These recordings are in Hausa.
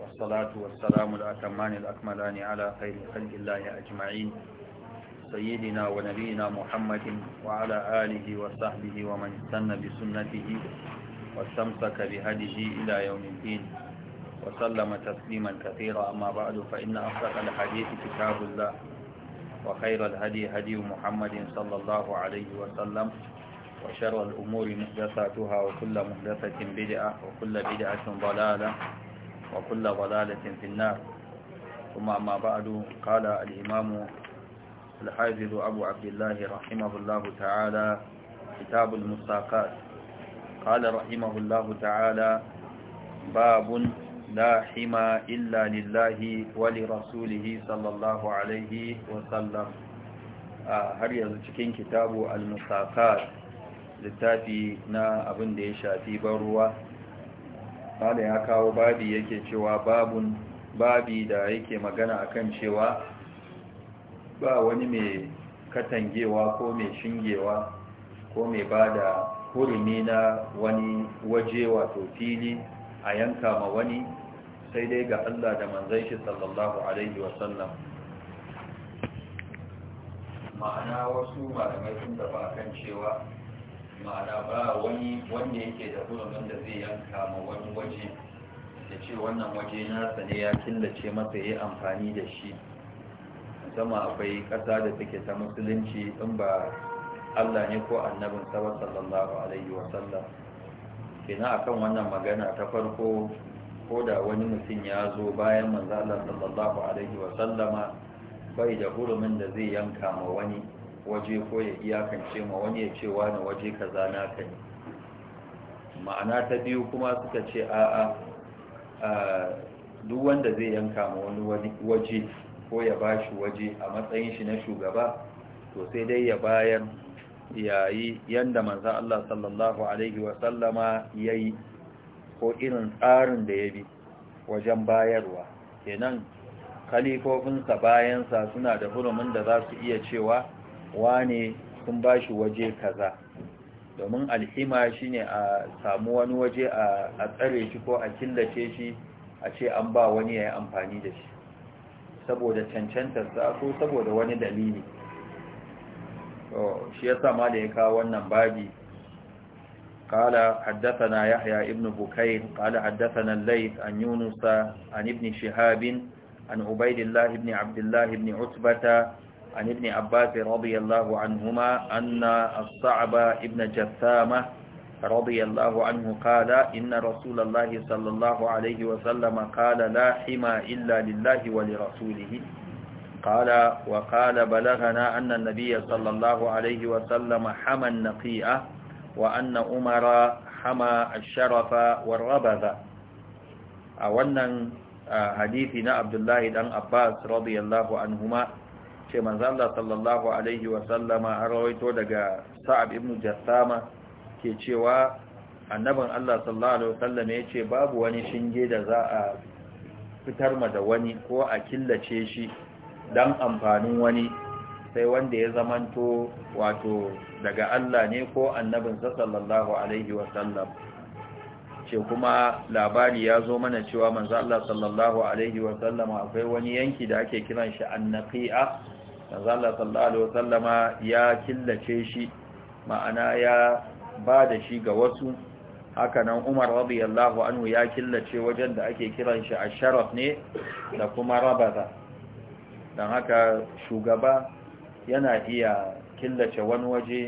والصلاة والسلام الأتمان الأكملان على خير خلق الله أجمعين سيدنا ونبينا محمد وعلى آله وصحبه ومن استنى بسنته واستمسك بهديه إلى يوم الدين وسلم تسليما كثيرا أما بعد فإن أفضل الحديث كتاب الله وخير الهدي هدي محمد صلى الله عليه وسلم وشر الأمور محدثاتها وكل محدثة بدعة وكل بدعة ضلالة وكل ضلالة في النار ثم ما بعد قال الإمام الحافظ أبو عبد الله رحمه الله تعالى كتاب المساقات قال رحمه الله تعالى باب لا حمى إلا لله ولرسوله صلى الله عليه وسلم هل يزكين كتاب المساقات littafi na abin da ya shafi ban ruwa bada ya kawo babi yake cewa babun babi da yake magana akan cewa ba wani mai katangewa ko mai shingewa ko mai ba da hurumi na wani waje wato fili a yanka ma wani sai dai ga Allah da manzan shi sallallahu alaihi wasallam ma'ana wasu malamai sun da ba kan cewa ma'ana ba wani wanda yake da hurumin da zai yanka ma wani waje da ce wannan waje nasa ne ya killace masa ya amfani da shi sama akwai ƙasa da take ta musulunci in ba Allah ne ko annabin sabon sallallahu alaihi wasallam kina akan wannan magana ta farko ko da wani mutum ya zo bayan mazalar sallallahu alaihi wasallama bai da hurumin da zai yanka ma wani waje ko ya iyakance ma wani ya ce wani waje ka zana ka ne ma'ana ta biyu kuma suka ce a duk wanda zai yanka ma wani waje ko ya ba shi waje a matsayin shi na shugaba to sai dai ya bayan yayi yanda manzan Allah sallallahu alaihi wasallama yayi ko irin tsarin da ya bi wajen bayarwa kenan kalifofinsa bayansa suna da hurumin da za su iya cewa wane sun ba shi waje kaza domin alhima shine a samu wani waje a tsare shi ko a killace shi a ce an ba wani ya yi amfani da shi saboda cancantarsa ko saboda wani dalili shi ya sama da ya kawo wannan babi قال حدثنا يحيى ابن بكير قال حدثنا الليث عن يونس عن ابن شهاب عن عبيد الله ابن عبد الله ابن عتبة عن ابن عباس رضي الله عنهما أن الصعب ابن جثامة رضي الله عنه قال إن رسول الله صلى الله عليه وسلم قال لا حمى إلا لله ولرسوله قال وقال بلغنا أن النبي صلى الله عليه وسلم حمى النقيئة وأن أمر حمى الشرف والربذ أولا حديثنا عبد الله بن عباس رضي الله عنهما ce Allah sallallahu alaihi wasallama an rawaito daga sa'ab ibn jassama ke cewa annabin Allah sallallahu alaihi wasallama ya ce babu wani shinge da za a fitar ma da wani ko a killace shi don amfanin wani sai wanda ya zamanto wato daga Allah ne ko annabinsa sallallahu alaihi wasallam ce kuma labari ya zo mana cewa manzo Allah sallallahu alaihi sallama! akwai wani yanki da ake kiran shi annaqi'a manzo Allah sallallahu alaihi wasallama ya killace shi ma'ana ya ba da shi ga wasu haka nan Umar radiyallahu anhu ya killace wajen da ake kiran shi asharaf ne da kuma rabata dan haka shugaba yana iya killace wani waje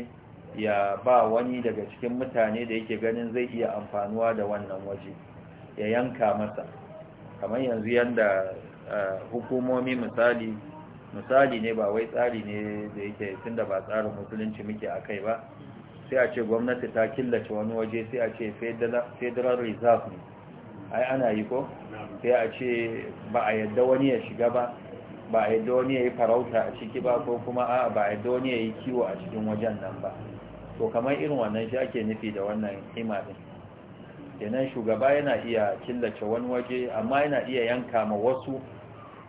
ya ba wani daga cikin mutane da yake ganin zai iya amfanuwa da wannan waje ya yanka masa kamar yanzu yanda eh, hukumomi misali misali ne ba wai tsari ne da yake tunda ba tsarin musulunci muke a kai ba sai a ce gwamnati ta killace wani waje sai a ce federal reserve ne ai ana yi ko sai a ce ba a yadda wani ya shiga ba ba a yadda wani ya yi farauta a ciki ba ko kuma a ba a yadda wani ya yi kiwo a cikin wajen nan ba to kamar irin wannan shi ake nufi da wannan hima din kenan shugaba yana iya killace wani waje amma yana iya yanka ma wasu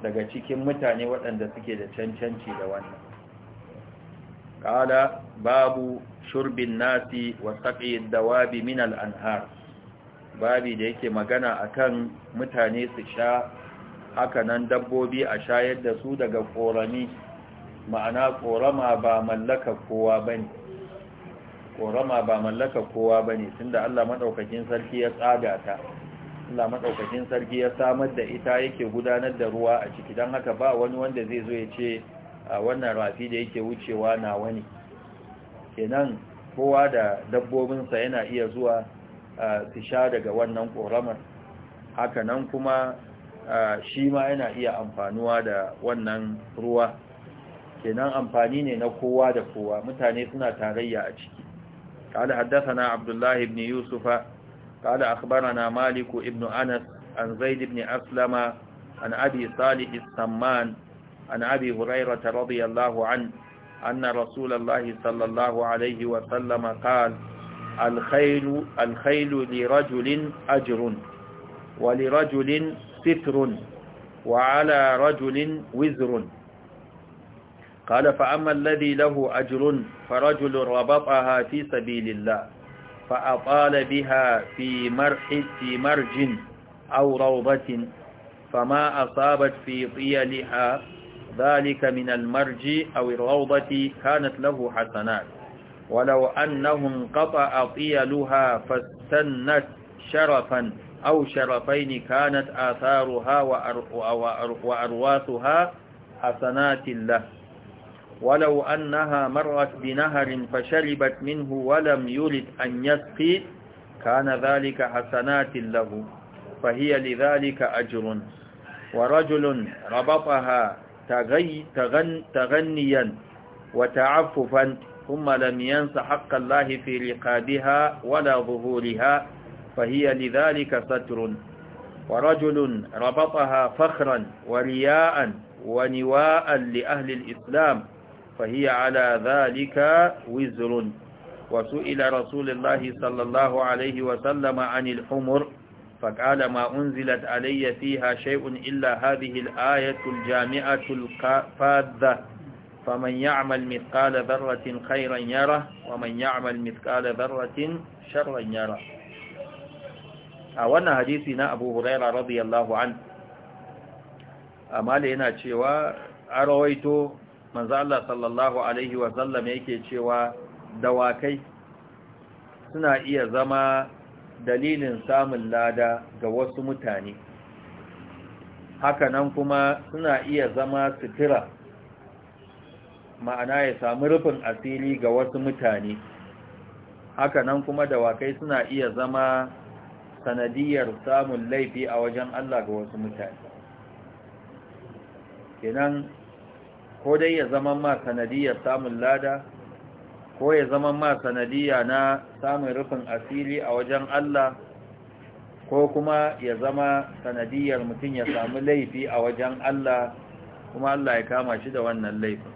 daga cikin mutane waɗanda suke da cancanci da wannan ƙala babu shurbin nasi wa saƙi dawabi min al'anhar babi da yake magana akan mutane su sha hakanan dabbobi a shayar da su daga ƙorami ma'ana ƙorama ba mallaka kowa ba ne ƙorama ba mallaka kowa ba ne allah maɗaukakin sarki ya tsaga ta Allah madaukakin sarki ya samar da ita yake gudanar da ruwa a ciki don haka ba wani wanda zai zo ya ce wannan rafi da yake wucewa na wani kenan kowa da dabbobinsa yana iya zuwa su sha daga wannan ƙoramar hakanan kuma shi ma yana iya amfanuwa da wannan ruwa kenan amfani ne na kowa da kowa mutane suna tarayya a ciki قال حدثنا عبد الله بن يوسف قال أخبرنا مالك ابن أنس عن زيد بن أسلم عن أبي صالح السمان عن أبي هريرة رضي الله عنه أن رسول الله صلى الله عليه وسلم قال الخيل, الخيل لرجل أجر ولرجل ستر وعلى رجل وزر قال فأما الذي له أجر فرجل ربطها في سبيل الله فأطال بها في مرح في مرج أو روضة فما أصابت في طيلها ذلك من المرج أو الروضة كانت له حسنات ولو أنه انقطع طيلها فاستنت شرفا أو شرفين كانت آثارها وأرواثها حسنات له ولو أنها مرت بنهر فشربت منه ولم يرد أن يسقي كان ذلك حسنات له فهي لذلك أجر ورجل ربطها تغي تغن تغنيا وتعففا ثم لم ينس حق الله في رقابها ولا ظهورها فهي لذلك ستر ورجل ربطها فخرا ورياء ونواء لأهل الإسلام فهي على ذلك وزر وسئل رسول الله صلى الله عليه وسلم عن الحمر فقال ما أنزلت علي فيها شيء إلا هذه الآية الجامعة الفاذة فمن يعمل مثقال ذرة خيرا يره ومن يعمل مثقال ذرة شرا يره أولا حديثنا أبو هريرة رضي الله عنه أما لنا شواء أرويت manzo Allah sallallahu alaihi wa sallam yake cewa dawakai suna iya zama dalilin samun lada ga wasu mutane hakanan kuma suna iya zama sutura ma'ana ya samu rufin asiri ga wasu mutane hakanan kuma dawakai suna iya zama sanadiyar samun laifi a wajen Allah ga wasu mutane kenan ko dai ya zama ma sanadiyar samun lada ko ya zama ma sanadiyya na samun rufin asiri a wajen Allah ko kuma ya zama sanadiyar mutum ya samu laifi a wajen Allah kuma Allah ya kama shi da wannan laifin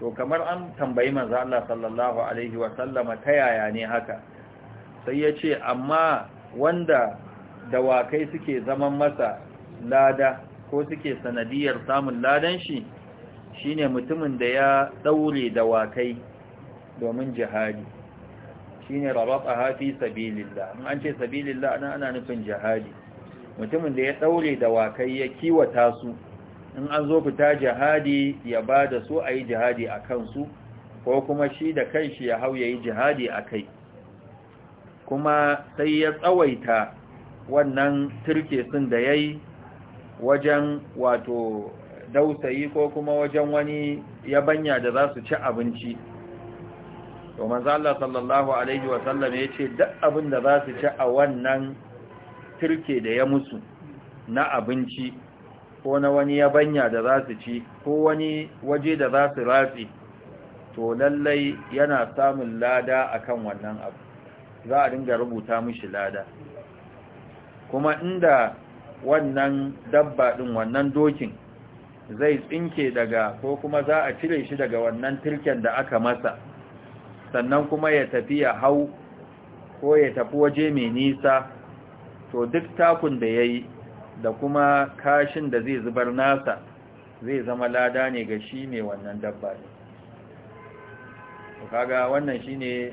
to kamar an tambayi manzo Allah sallallahu alaihi wa sallama ta yaya ne haka sai ya ce amma wanda dawakai suke zaman masa lada ko suke sanadiyar samun ladan shi shine mutumin da ya daure dawakai domin jihadi shine rabataha fi sabilillah an ce sabilillah ana ana nufin jihadi mutumin da ya daure dawakai ya kiwata su in an zo fita jihadi ya bada su ayi jihadi a kansu, ko kuma shi da kanshi ya hau ya yi jihadi a kai kuma sai ya tsawaita wannan turke sun da yi wajen wato dausayi ko kuma wajen wani yabanya da za su ci abinci to manzo Allah sallallahu alaihi wa sallam yace duk abin da za su ci a wannan turke da ya musu na abinci ko na wani yabanya da za su ci ko wani waje da za su ratsi to lallai yana samun lada kan wannan abu za a dinga rubuta mishi lada kuma inda wannan dabba din wannan dokin zai tsinke daga ko kuma za a cire shi daga wannan tirken da aka masa sannan kuma ya tafi ya hau ko ya tafi waje mai nisa to duk takun da ya yi da kuma kashin da zai zubar nasa zai zama lada ne ga shi mai wannan dabba ne kaga wannan shine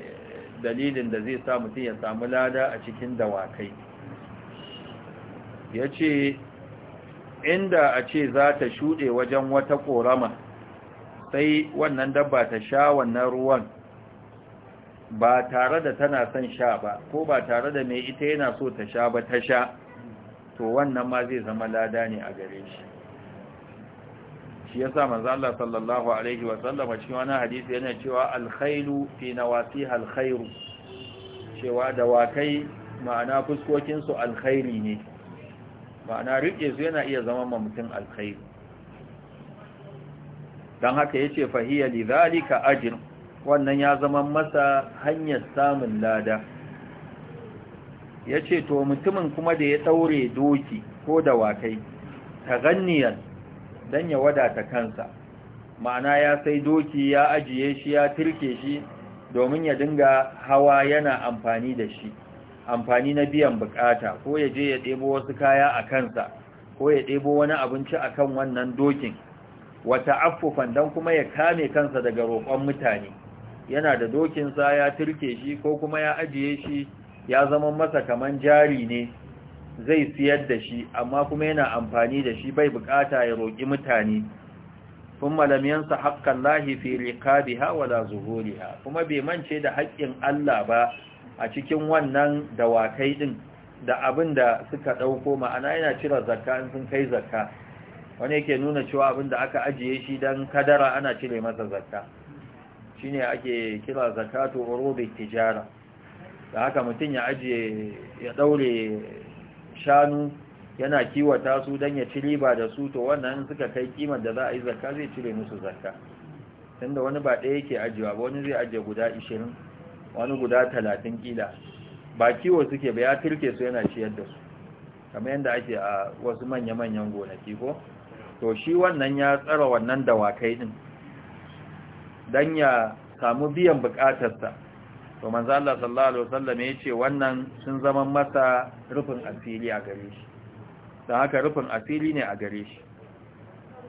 dalilin da zai sa mutum ya samu lada a cikin dawakai ya ce inda a ce za ta shuɗe wajen wata ƙorama sai wannan dabba ta sha wannan ruwan ba tare da tana son sha ba ko ba tare da mai ita yana so ta sha ba ta sha to wannan ma zai zama lada ne a gare shi shi yasa sa Allah sallallahu alaihi wa cikin wani hadisi yana cewa alkhailu fi na wasi alkhairu cewa dawakai ma'ana fuskokinsu alkhairi ne ma'ana riƙe su yana iya zama ma mutum alkhairi don haka ya ce fahiyya lidhalika ajin wannan ya zama masa hanyar samun lada ya ce to mutumin kuma da ya ɗaure doki ko dawakai ta ganiyar don ya wadata kansa ma'ana ya sai doki ya ajiye shi ya turke shi domin ya dinga hawa yana amfani da shi amfani na biyan bukata ko ya je ya ɗebo wasu kaya a kansa ko ya ɗebo wani abinci a kan wannan dokin wata affufan don kuma ya kame kansa daga roƙon mutane yana da dokinsa ya turke shi ko kuma ya ajiye shi ya zama masa kaman jari ne zai siyar da shi amma kuma yana amfani da shi bai bukata ya roƙi mutane sun malamiyansa haƙƙan lahi fi wala Zuhuriya kuma bai mance da haƙƙin Allah ba a cikin wannan dawakai din da abin da suka ɗauko ma'ana yana cire zakka in sun kai zakka wani yake nuna cewa abin da aka ajiye shi don kadara ana cire masa zakka shi ne ake kira zakatu urubin tijara da haka mutum ya ajiye ya ɗaure shanu yana kiwata su don ya ci riba da su to wannan suka kai kimar da za a yi zakka zai cire musu zakka tunda wani ba ɗaya yake ajiyewa ba wani zai ajiye guda ishirin wani guda talatin kila ba kiwo suke ba ya turke su yana ciyar da su kamar yadda ake a wasu manya-manyan gonaki ko to shi wannan ya tsara wannan dawakai din Dan ya samu biyan bukatarsa to manzo Allah sallallahu alaihi wasallam ya ce wannan sun zama masa rufin asiri a gare shi don haka rufin asiri ne a gare shi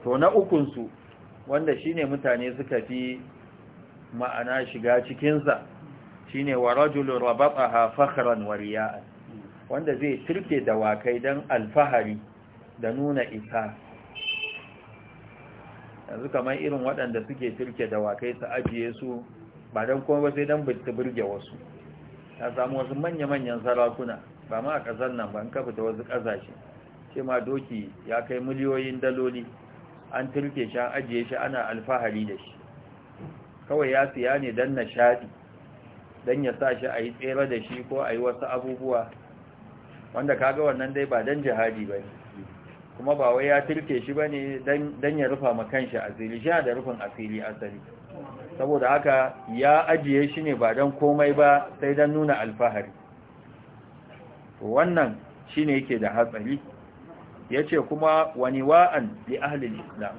to na ukun su wanda shine mutane suka fi ma'ana shiga cikinsa shine wa rajulun rabataha fakhran wa riya'an wanda zai turke wakai don alfahari da nuna isa yanzu kamar irin waɗanda suke turke wakai su ajiye su ba don kuma ba sai don bitta burge wasu ta samu wasu manya-manyan sarakuna ba ma a ƙasar nan ba an kafa ta wasu ƙasashe ce ma doki ya kai miliyoyin daloli an turke shi an ajiye shi ana alfahari da shi kawai ya siya ne don nishaɗi Dan ya sa shi a yi tsere da shi ko a yi wasu abubuwa wanda kaga wannan dai ba dan jihadi ba kuma ba wai ya turke shi ba dan ya rufa ma makanshi asiri shi da rufin asiri asali saboda haka ya ajiye shi ne ba don komai ba sai don nuna alfahari wannan shi ne yake da hatsari ya ce kuma wani wa'an li ahlil islam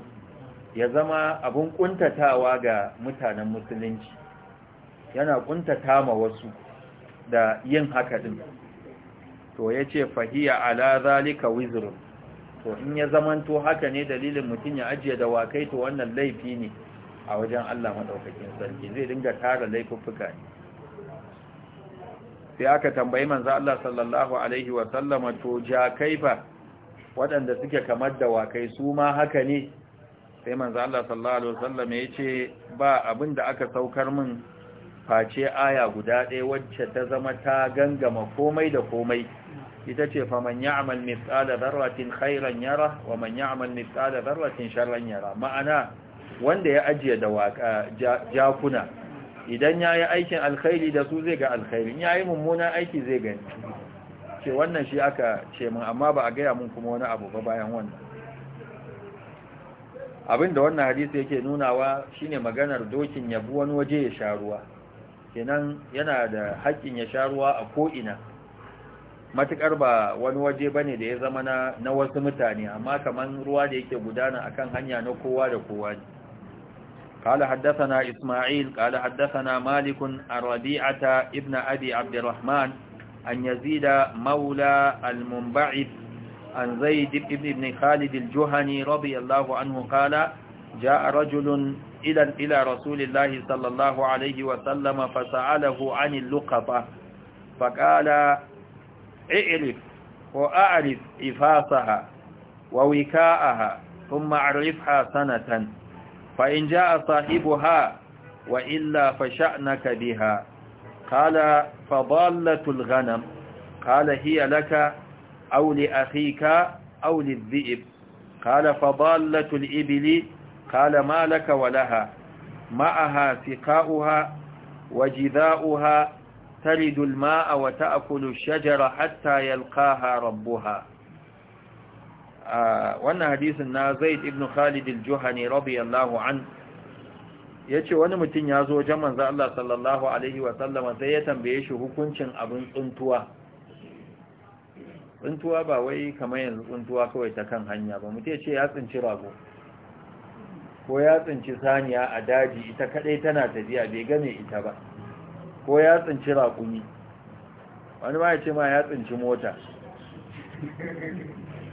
ya zama abin kuntatawa ga mutanen musulunci yana kuntata ma wasu da yin haka din to yace fahiya ala zalika wizrun to in ya zamanto haka ne dalilin mutum ya ajiye da wakai to wannan laifi ne a wajen Allah madaukakin sarki zai dinga tara laifuffuka ne sai aka tambayi manzo Allah sallallahu alaihi wa to ja kaifa waɗanda suke kamar da wakai su ma haka ne sai manzo Allah sallallahu alaihi wa sallama yace ba da aka saukar min face aya guda ɗaya wacce ta zama ta gangama komai da komai ita ce fa man ya'mal mithqala dharratin khairan yara wa man ya'mal mithqala dharratin sharran yara ma'ana wanda ya ajiye da waka jakuna idan yayi aikin alkhairi da su zai ga alkhairi yayi mummunan aiki zai gani ce wannan shi aka ce mun amma ba a gaya mun kuma wani abu ba bayan wannan abinda wannan hadisi yake nunawa shine maganar dokin yabu wani waje ya sha ruwa kenan yana da haƙƙin ya sha ruwa a ko'ina Matukar ba wani waje ba ne da ya zama na wasu mutane amma kamar ruwa da yake gudana a kan hanya na kowa da kowa ne ƙala haddasa ismail ƙala haddasa na malikun arabi'ata ibn abi abdurrahman an yazida maula al-mumba'id an zai dib ibn khalid al-juhani rabi'allahu anhu ƙala ja'a rajulun مسئلا إلى رسول الله صلى الله عليه وسلم فسأله عن اللقطة فقال اعرف وأعرف إفاصها ووكاءها ثم أعرفها سنة فإن جاء صاحبها وإلا فشأنك بها قال فضالة الغنم قال هي لك أو لأخيك أو للذئب قال فضالة الإبل قال ما لك ولها معها سقاؤها وجذاؤها تلد الماء وتأكل الشجر حتى يلقاها ربها آه وانا حديث النازيد ابن خالد الجهني رضي الله عنه ya ce wani mutum ya zo wajen manzo Allah sallallahu sai ya tambaye shi hukuncin abin tsuntuwa tsuntuwa ba wai kamar yanzu tsuntuwa kawai ta kan hanya ba mu ya ce ya tsinci rago ko ya tsinci saniya a daji ita kadai tana tafiya bai game ita ba ko ya tsinci raƙumi wani ma ya ce ma ya tsinci mota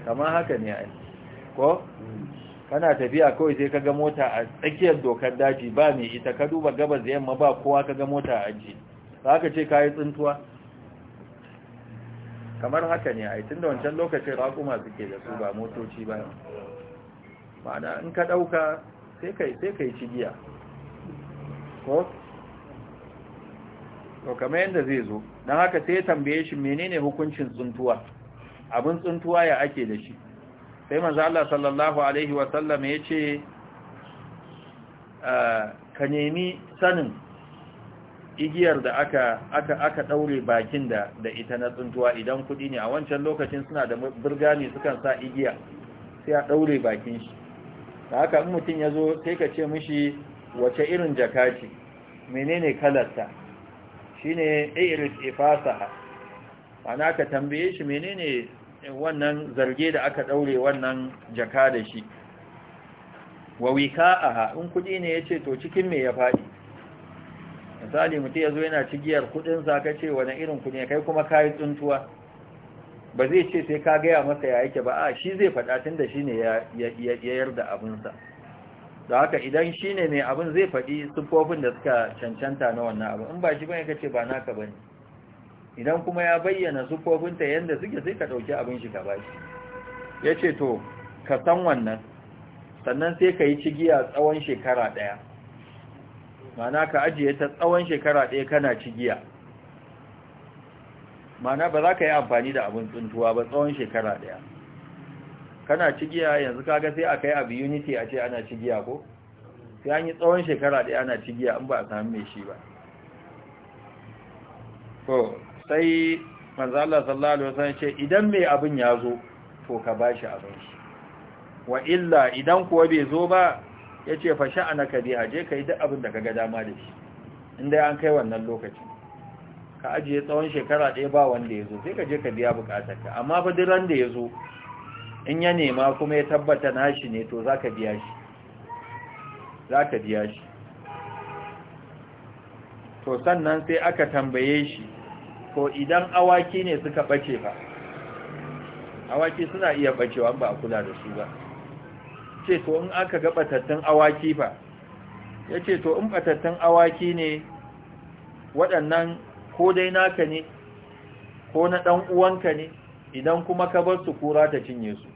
kama haka ne ai ko kana tafiya kawai sai kaga mota a tsakiyar dokar daji ba mai ita ka duba gabas da yamma ba kowa kaga mota a aji za ka ce kayi tsintuwa kamar haka ne ai tunda wancan lokacin raƙuma suke da su ba motoci ba ma'ana in ka ɗauka sai ka yi cibiya. ko to kamar yadda zai zo don haka sai ya tambaye shi menene hukuncin tsuntuwa abin tsuntuwa ya ake da shi sai manzo Allah sallallahu alaihi wa sallam ya ce ah, ka nemi sanin igiyar da aka aka aka daure bakin da da ita na tsuntuwa idan kudi ne a wancan lokacin suna da burgani sukan sa igiya sai a daure bakin shi da haka in mutum ya zo sai ka ce mishi wace irin jaka ce menene kalarta Shi shine iris ifasaha ana ka tambaye shi menene wannan zarge da aka daure wannan jaka da shi wa wika'aha in kudi ne ya ce to cikin me ya faɗi? misali mutum ya zo yana cigiyar kudin sa ce, wani irin kudi ne kai kuma kayan tsuntuwa ba zai ce sai ka gaya masa ya yake ba a shi zai faɗa tun da shi ne ya yarda abinsa da haka idan shi ne mai abin zai faɗi sufofin da suka cancanta na wannan abin in ba shi bane kace ba naka bane idan kuma ya bayyana siffofinta yanda suke sai ka ɗauki abin shi ka bashi ya ce to ka san wannan sannan sai ka yi cigiya tsawon shekara ɗaya mana ka ajiye ta tsawon shekara ɗaya kana cigiya mana ba za ka yi amfani da abin tsuntuwa ba tsawon shekara daya kana cigiya yanzu ga sai a kai abu unity a ce ana cigiya ko sai an yi tsawon shekara daya ana cigiya in ba a sami mai shi ba ko sai manzala sallallahu alaihi wasallam ce idan mai abin ya zo to ka bashi abin shi wa illa idan kuwa bai zo ba yace fa sha'anaka haje je kai duk abin da ga dama da shi inda an kai wannan lokacin ka ajiye tsawon shekara ɗaya ba wanda ya zo sai ka je ka biya ka amma ba duk da ya zo in ya nema kuma ya tabbata nashi ne to za ka biya shi za ka biya shi to sannan sai aka tambaye shi to idan awaki ne suka ɓace ba awaki suna iya ɓacewa ba a kula da su ba ce to in aka ga ɓatattun awaki ba ya ce to in ɓatattun awaki ne waɗannan ko dai naka ne ko na ɗan'uwanka uwanka ne idan kuma ka bar su kura ta cinye su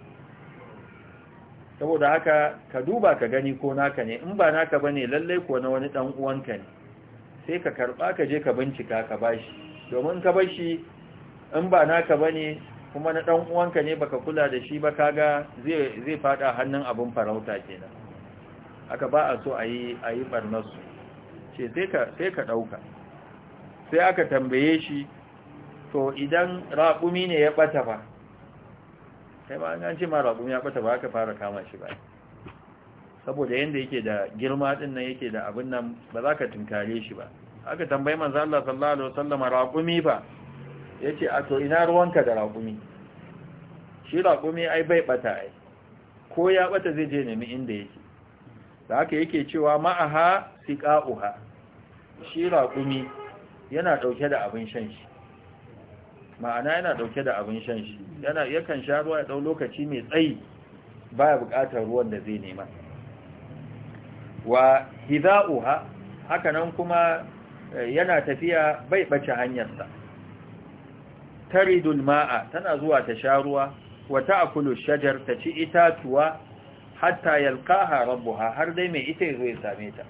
saboda haka ka duba ka gani ko naka ne in ba naka bane lallai ko na wani dan uwanka ne sai ka karɓa ka je ka bincika ka bashi domin ka bashi in ba naka bane kuma na ɗan uwanka ne baka kula da shi ba kaga zai zai fada hannun abin farauta kenan aka ba a so ayi ayi ce sai ka sai ka ɗauka sai aka tambaye shi to idan raƙumi ne ya ɓata ba sai ba an ce ma raƙumi ya ɓata ba aka fara kama shi ba saboda yadda yake da girma ɗin nan yake da abin nan ba za ka tunkare shi ba aka tambayi manzo Allah sallallahu alaihi wasallam raƙumi ba yace a to ina ruwanka da raƙumi shi raƙumi ai bai ɓata ai ko ya ɓata zai je nemi inda yake da haka yake cewa ma'aha siqa'uha shi raƙumi yana dauke da abin shan shi ma'ana yana dauke da abin shan shi yana yakan sha ruwa ya dau lokaci mai tsayi baya buƙatar ruwan da zai nema wa hidha'uha haka nan kuma eh, yana tafiya bai bace hanyarsa taridul ma'a tana zuwa ta sha ruwa wa ta'kulu shajar ta ci itatuwa hatta yalqaha rabbuha har dai mai ita zo ya same ta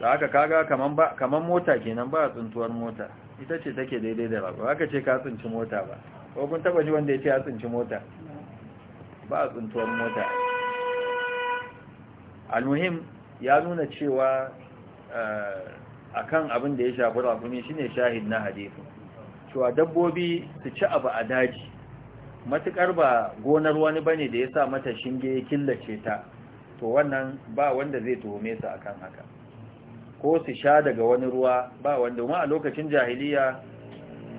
da aka kaga kaman ba kaman mota kenan ba tsuntuwar mota ita ce take daidai da rabu haka ce ka tsinci mota ba ko kun taba ji wanda ya ce ya tsinci mota ba tsuntuwar mota almuhim ya nuna cewa eh, akan abin da ya shafi rafumi shine shahid na hadisi cewa dabbobi su ci abu a daji matukar ba gonar wani bane da ya sa mata shinge ya killace ta to wannan ba wanda zai tuhume su akan haka ko su sha daga wani ruwa ba wanda ma a lokacin jahiliya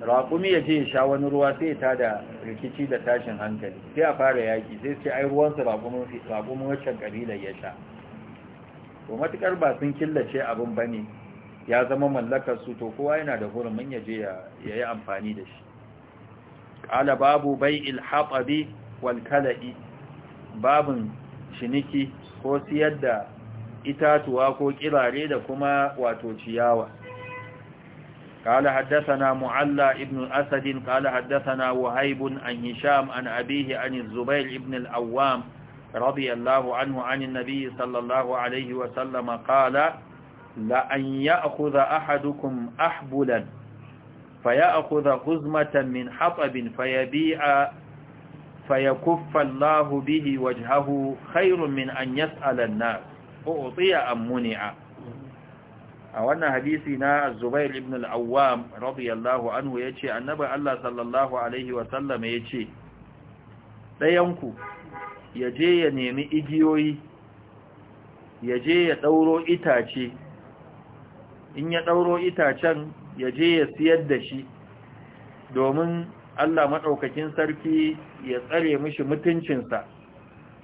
raƙumi ya je ya sha wani ruwa sai ta da rikici da tashin hankali sai a fara yaƙi sai ce ai ruwansu raƙumin waccan ƙabilar ya sha to matuƙar ba sun killace abin ba ne ya zama mallakar su to kowa yana da hurumin ya je ya yi amfani da shi ƙala babu bai ilhaɓabi wal kala'i babin shiniki, ko siyar da itatuwa ko kirare da kuma wato ciyawa kala haddasa na mu'alla ibnu asadin kala haddasa na wahaibun an hisham an abihi an zubair ibn awam radiyallahu anhu an nabi sallallahu alaihi wasallama kala la'an ya akuza ahadukum ahbulan faya akuza huzmatan min haɓabin fayabi'a fayakuffallahu bihi wajhahu khairun min an yas'alan u'tiya am muni'a a wannan hadisi na Zubair ibn al-Awwam radiyallahu anhu yace annabi Allah sallallahu alaihi wa sallam yace dayanku yaje ya nemi igiyoyi yaje ya dauro itace in ya dauro itacen yaje ya siyar da shi domin Allah madaukakin sarki ya tsare mishi mutuncinsa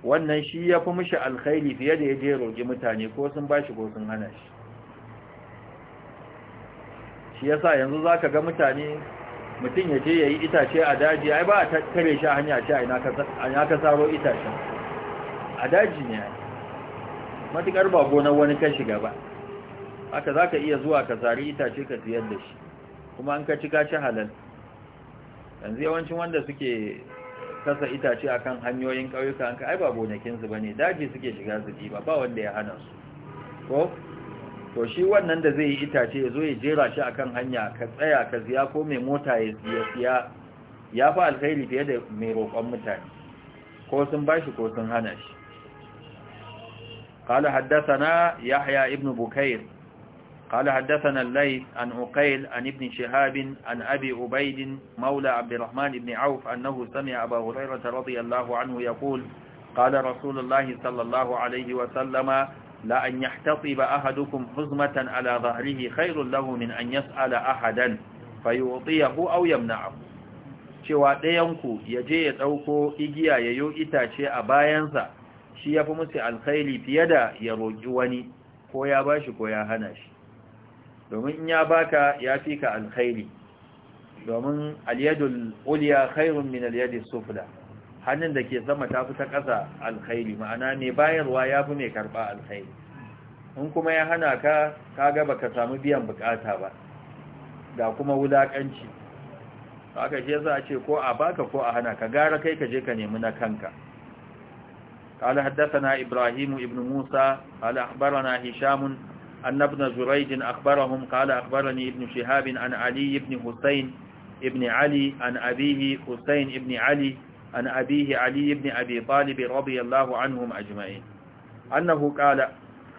wannan shi ya fi mishi alkhairi fiye da ya je roƙi mutane ko sun ba shi ko sun hana shi shi yasa yanzu za ka ga mutane mutum ya je ya yi itace a daji ai ba a tare shi a hanya ce a ina ka saro itace a daji ne matuƙar ba gonar wani ka shiga ba haka za ka iya zuwa ka sari itace ka siyar da shi kuma an ka cika shi halal yanzu yawancin wanda suke kasa itace akan hanyoyin ƙauyuka an ai ba gonakinsu ba ne daji suke shiga su ba ba wanda ya hana su ko to shi wannan da zai yi itace ya zo ya jera shi akan hanya ka tsaya ka ziya ko mai mota ya siya ya fa alkhairi fiye da mai roƙon mutane ko sun bashi ko sun hana shi قال حدثنا يحيى ابن Bukair. قال حدثنا الليث عن عقيل عن ابن شهاب عن أبي عبيد مولى عبد الرحمن بن عوف أنه سمع أبا هريرة رضي الله عنه يقول قال رسول الله صلى الله عليه وسلم لأن يحتطب أحدكم حزمة على ظهره خير له من أن يسأل أحدا فيعطيه أو يمنعه cewa ɗayanku ya je ya ɗauko igiya ya yo itace a bayansa shi ya fi musu alkhairi fiye da ya roƙi wani ko ya bashi ko ya hana shi domin in ya baka ya fi ka alkhairi domin alyadul uliya khairun min alyadis sufla hannun da ke zama ta fi ta ƙasa alkhairi ma'ana mai bayarwa ya fi mai karɓa alkhairi in kuma ya hana ka ka ga baka samu biyan bukata ba da kuma wulaƙanci haka shi yasa a ce ko a baka ko a hana ka gara kai ka je ka nemi na kanka قال حدثنا إبراهيم ابن موسى قال أخبرنا هشام أن ابن زريد أخبرهم قال أخبرني ابن شهاب عن علي بن حسين ابن علي عن أبيه حسين ابن علي عن أبيه علي بن أبي طالب رضي الله عنهم أجمعين أنه قال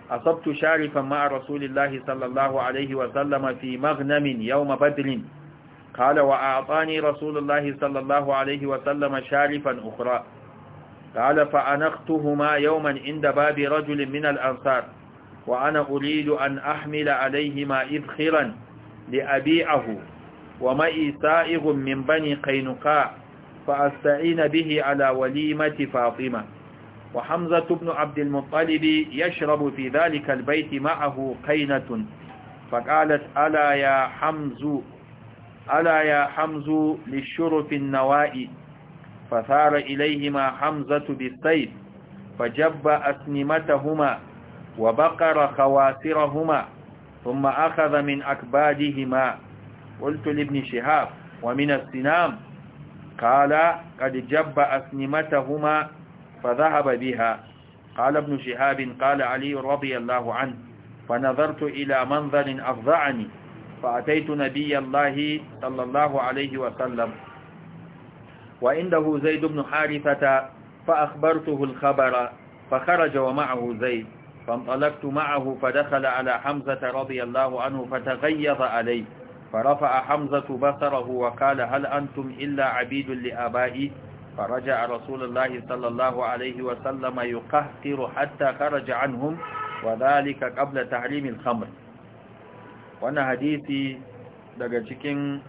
أصبت شارفا مع رسول الله صلى الله عليه وسلم في مغنم يوم بدر قال وأعطاني رسول الله صلى الله عليه وسلم شارفا أخرى قال فأنقتهما يوما عند باب رجل من الأنصار وأنا أريد أن أحمل عليهما إبخرا لأبيعه ومئي سائغ من بني قينقاء فأستعين به على وليمة فاطمة وحمزة بن عبد المطلب يشرب في ذلك البيت معه قينة فقالت ألا يا حمز ألا يا حمز للشرف النوائي فثار إليهما حمزة بالسيف فجب أسنمتهما وبقر خواسرهما ثم أخذ من أكبادهما قلت لابن شهاب ومن السنام قال قد جب أسنمتهما فذهب بها قال ابن شهاب قال علي رضي الله عنه فنظرت إلى منظر أفضعني فأتيت نبي الله صلى الله عليه وسلم وعنده زيد بن حارثة فأخبرته الخبر فخرج ومعه زيد فانطلقت معه فدخل على حمزة رضي الله عنه فتغيظ عليه فرفع حمزة بصره وقال هل أنتم إلا عبيد لآبائي فرجع رسول الله صلى الله عليه وسلم يقهقر حتى خرج عنهم وذلك قبل تحريم الخمر وانا حديثي daga cikin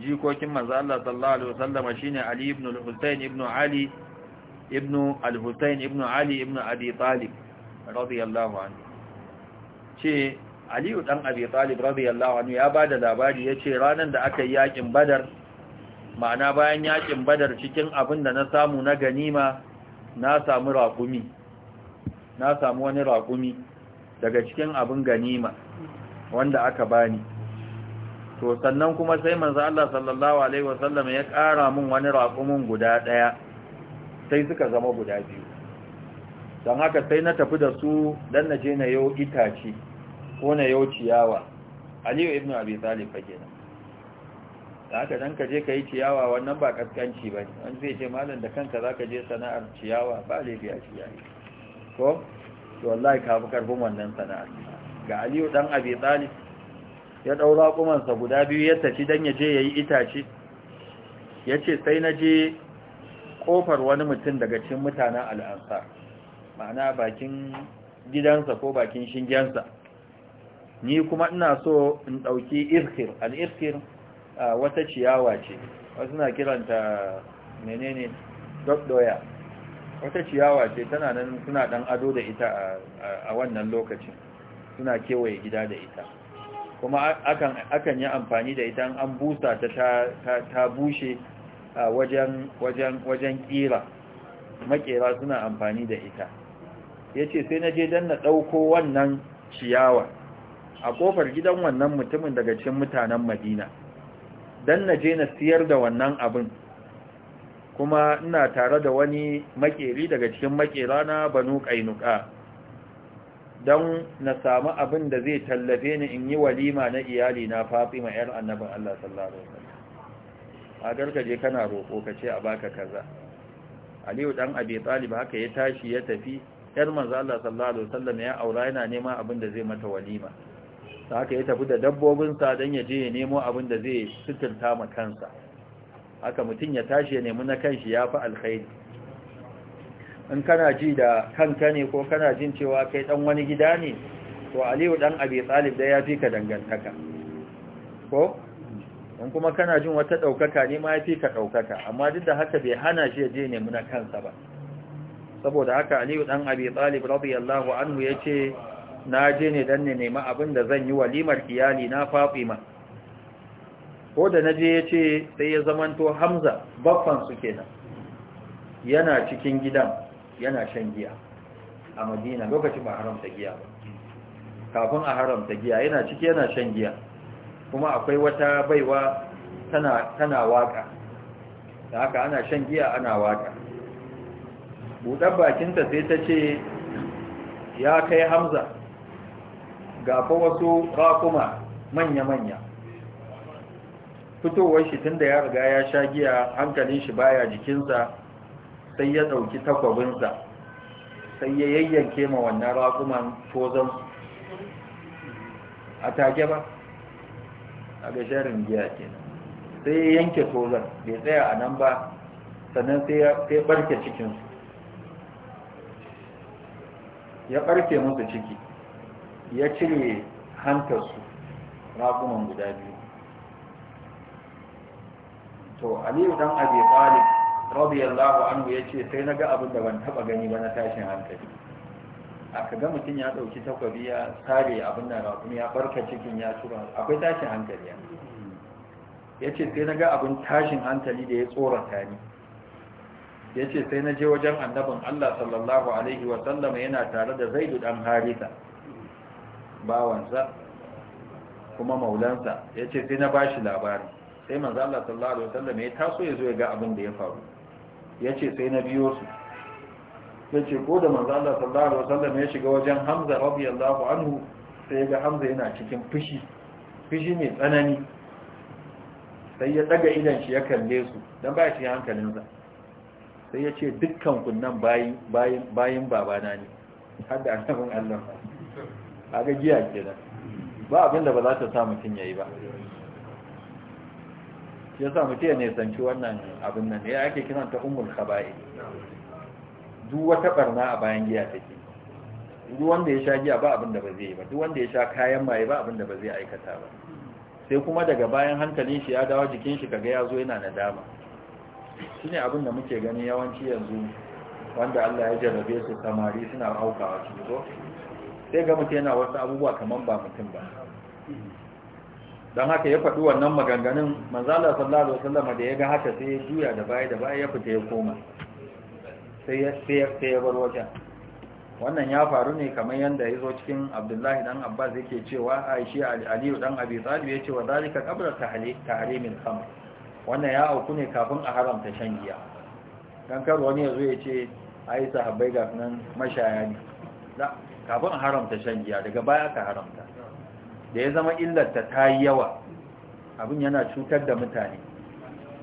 jikokin manzo Allah sallallahu alaihi wasallam shine Ali ibn al-Husayn ibn Ali ibn al-Husayn ibn Ali ibn Abi Talib radiyallahu anhu ce aliyu dan abi talib radiyallahu anhu ya bada labari yace ranan da aka yi yakin badar ma'ana bayan yakin badar cikin abin da na samu na ganima na samu raƙumi na samu wani raƙumi daga cikin abin ganima wanda aka bani to sannan kuma sai manzo Allah sallallahu alaihi wasallam ya kara mun wani raƙumin guda daya sai suka zama guda biyu don haka sai na tafi da su don na je na yau itace ko na yau ciyawa aliyu ibn abi talib fa kenan da haka dan ka je ka yi ciyawa wannan ba kaskanci ba ne wani zai ce malam da kanka za ka je sana'ar ciyawa ba laifi a ciyayi ko to wallahi ka fi karfin wannan sana'ar ga aliyu dan abi talib ya ɗaura kumansa guda biyu ya tafi don ya je ya yi itace ya ce sai na je ƙofar wani mutum daga cikin mutanen al'ansar ma'ana bakin gidansa ko bakin shingensa ni kuma ina so in ɗauki irkir al'irkir wata ciyawa ce wasu na kiranta menene doya wata ciyawa ce tana nan suna dan ado da ita a wannan lokacin suna kewaye gida da ita kuma akan yi amfani da ita an busa ta ta bushe wajen kira makera suna amfani da ita ya ce sai na je don na ɗauko wannan ciyawa a ƙofar gidan wannan mutumin daga cikin mutanen madina don na je na siyar da wannan abin kuma ina tare da wani makeri daga cikin makera na banu kainuka don na samu abin da zai tallafe ni in yi walima na iyali na ma yar annabin Allah sallallahu alaihi wasallam a kana roƙo ka ce a baka kaza Aliyu dan Abi Talib haka ya tashi ya tafi yar manzo Allah sallallahu alaihi wasallam ya aura yana neman abin da zai mata walima ta haka ya tafi da dabbobin sa dan ya je ya nemo abin da zai sutunta ma kansa haka mutun ya tashi ya nemi na kanshi yafi alkhairi in kana ji da kanka ne ko kana jin cewa kai dan wani gida ne to Aliyu dan Abi Talib dai ya fi ka dangantaka ko in kuma kana jin wata daukaka ne ma ya fi ka daukaka amma duk da haka bai hana shi ya je nemi na kansa ba saboda haka aliyu dan abi talib radiyallahu anhu yace na je ne dan ne nemi abin da zan yi walimar iyali na fatima ko da naje yace sai ya zamanto hamza baffan su kenan yana cikin gidan yana shan giya a madina lokacin ba haramta giya ba kafin a haramta giya yana ciki yana shan giya kuma akwai wata baiwa tana tana waka da haka ana shan giya ana waka buɗar bakinta sai ta ce ya kai hamza ga fa wasu rakuma manya-manya fitowar shi tun da ya riga ya sha giya hankalin shi baya jikinsa sai ya ɗauki takwabinsa sai ya yayyanke ma wannan rakuman tozon a take ba a ga sharin giya ke sai ya yanke tozon bai tsaya a nan ba sannan sai ya barke cikinsu ya ɓarke musu ciki ya cire hantarsu rakunan guda biyu to aliyu dan abi talib radiyallahu anhu yace sai naga abin da ban taba gani ba na tashin hankali aka ga mutum ya dauki takwabi ya sare abin da rakumi ya barka cikin ya tura akwai tashin hankali yace sai naga abin tashin hankali da ya tsorata ni ya ce sai na je wajen annabin Allah sallallahu Alaihi wasallama yana tare da zaidu ɗan harita bawansa kuma maulansa ya ce sai na bashi labari sai manzo Allah sallallahu Alaihi wasallama ya taso ya zo ya ga abin da ya faru ya ce sai na biyo su ya ce ko da manzo Allah sallallahu Alaihi wasallama ya shiga wajen hamza radiyallahu anhu sai ga hamza yana cikin fushi fushi mai tsanani sai ya daga idan shi ya kalle su don ba shi hankalinsa sai ya ce dukkan kunnan bayan babana ne har da annabin allon a ga giya nan. ba abin da ba za ta sa mutum ya yi ba ya sa mutum ya nesanci wannan abin nan ya ake kiran ta umul khaba'i duk wata barna a bayan giya take duk wanda ya sha giya ba abin da ba zai yi ba duk wanda ya sha kayan maye ba abin da ba zai aikata ba sai kuma daga bayan hankalin shi ya dawo jikin shi kaga ya zo yana nadama ne abin da muke gani yawanci yanzu wanda Allah ya jarrabe su samari suna aukawa su zo sai ga mutum yana wasu abubuwa kamar ba mutum ba don haka ya faɗi wannan maganganun manzala sallallahu alaihi wasallam da ya ga haka sai ya juya da baya da baya ya fita ya koma sai ya bar wajen wannan ya faru ne kamar yadda ya zo cikin Abdullahi dan Abbas yake cewa Aisha Aliyu dan Abi Talib ce wa zalika qabla min khamr wannan ya auku ne kafin a haramta shan giya don kar wani ya zo ya ce a yi sahabbai ga nan mashaya ne kafin a haramta shan giya daga baya ka haramta da ya zama illarta ta yi yawa abin yana cutar da mutane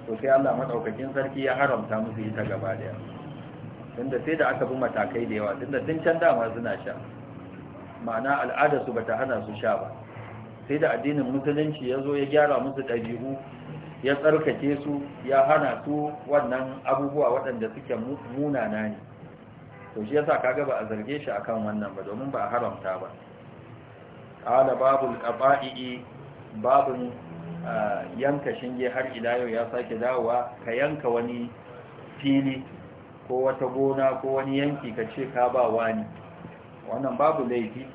to sai Allah maɗaukakin sarki ya haramta musu ita gaba daya tunda sai da aka bi matakai da yawa tunda tun can dama suna sha ma'ana al'adarsu ba ta hana su sha ba sai da addinin musulunci ya zo ya gyara musu ɗabi'u ya tsarkake su ya hana su wannan abubuwa waɗanda suke munana ne to shi yasa kaga ba a zarge shi akan wannan ba domin ba a haramta ba ala babul qaba'i babun yanka shinge har ila yau ya sake dawowa ka yanka wani fili ko wata gona ko wani yanki ka ce ka ba wani wannan babu laifi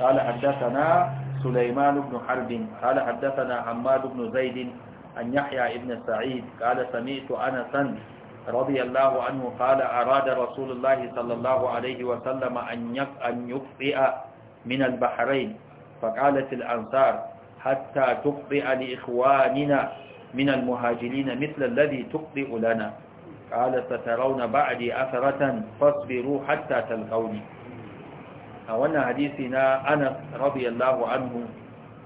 قال حدثنا سليمان بن حرب قال حدثنا حماد بن زيد عن يحيى بن سعيد قال سمعت أنسا رضي الله عنه قال أراد رسول الله صلى الله عليه وسلم أن يقطئ من البحرين فقالت الأنصار حتى تقطئ لإخواننا من المهاجرين مثل الذي تقطئ لنا قال سترون بعدي أثرة فاصبروا حتى تلقوني أولا حديثنا أنس رضي الله عنه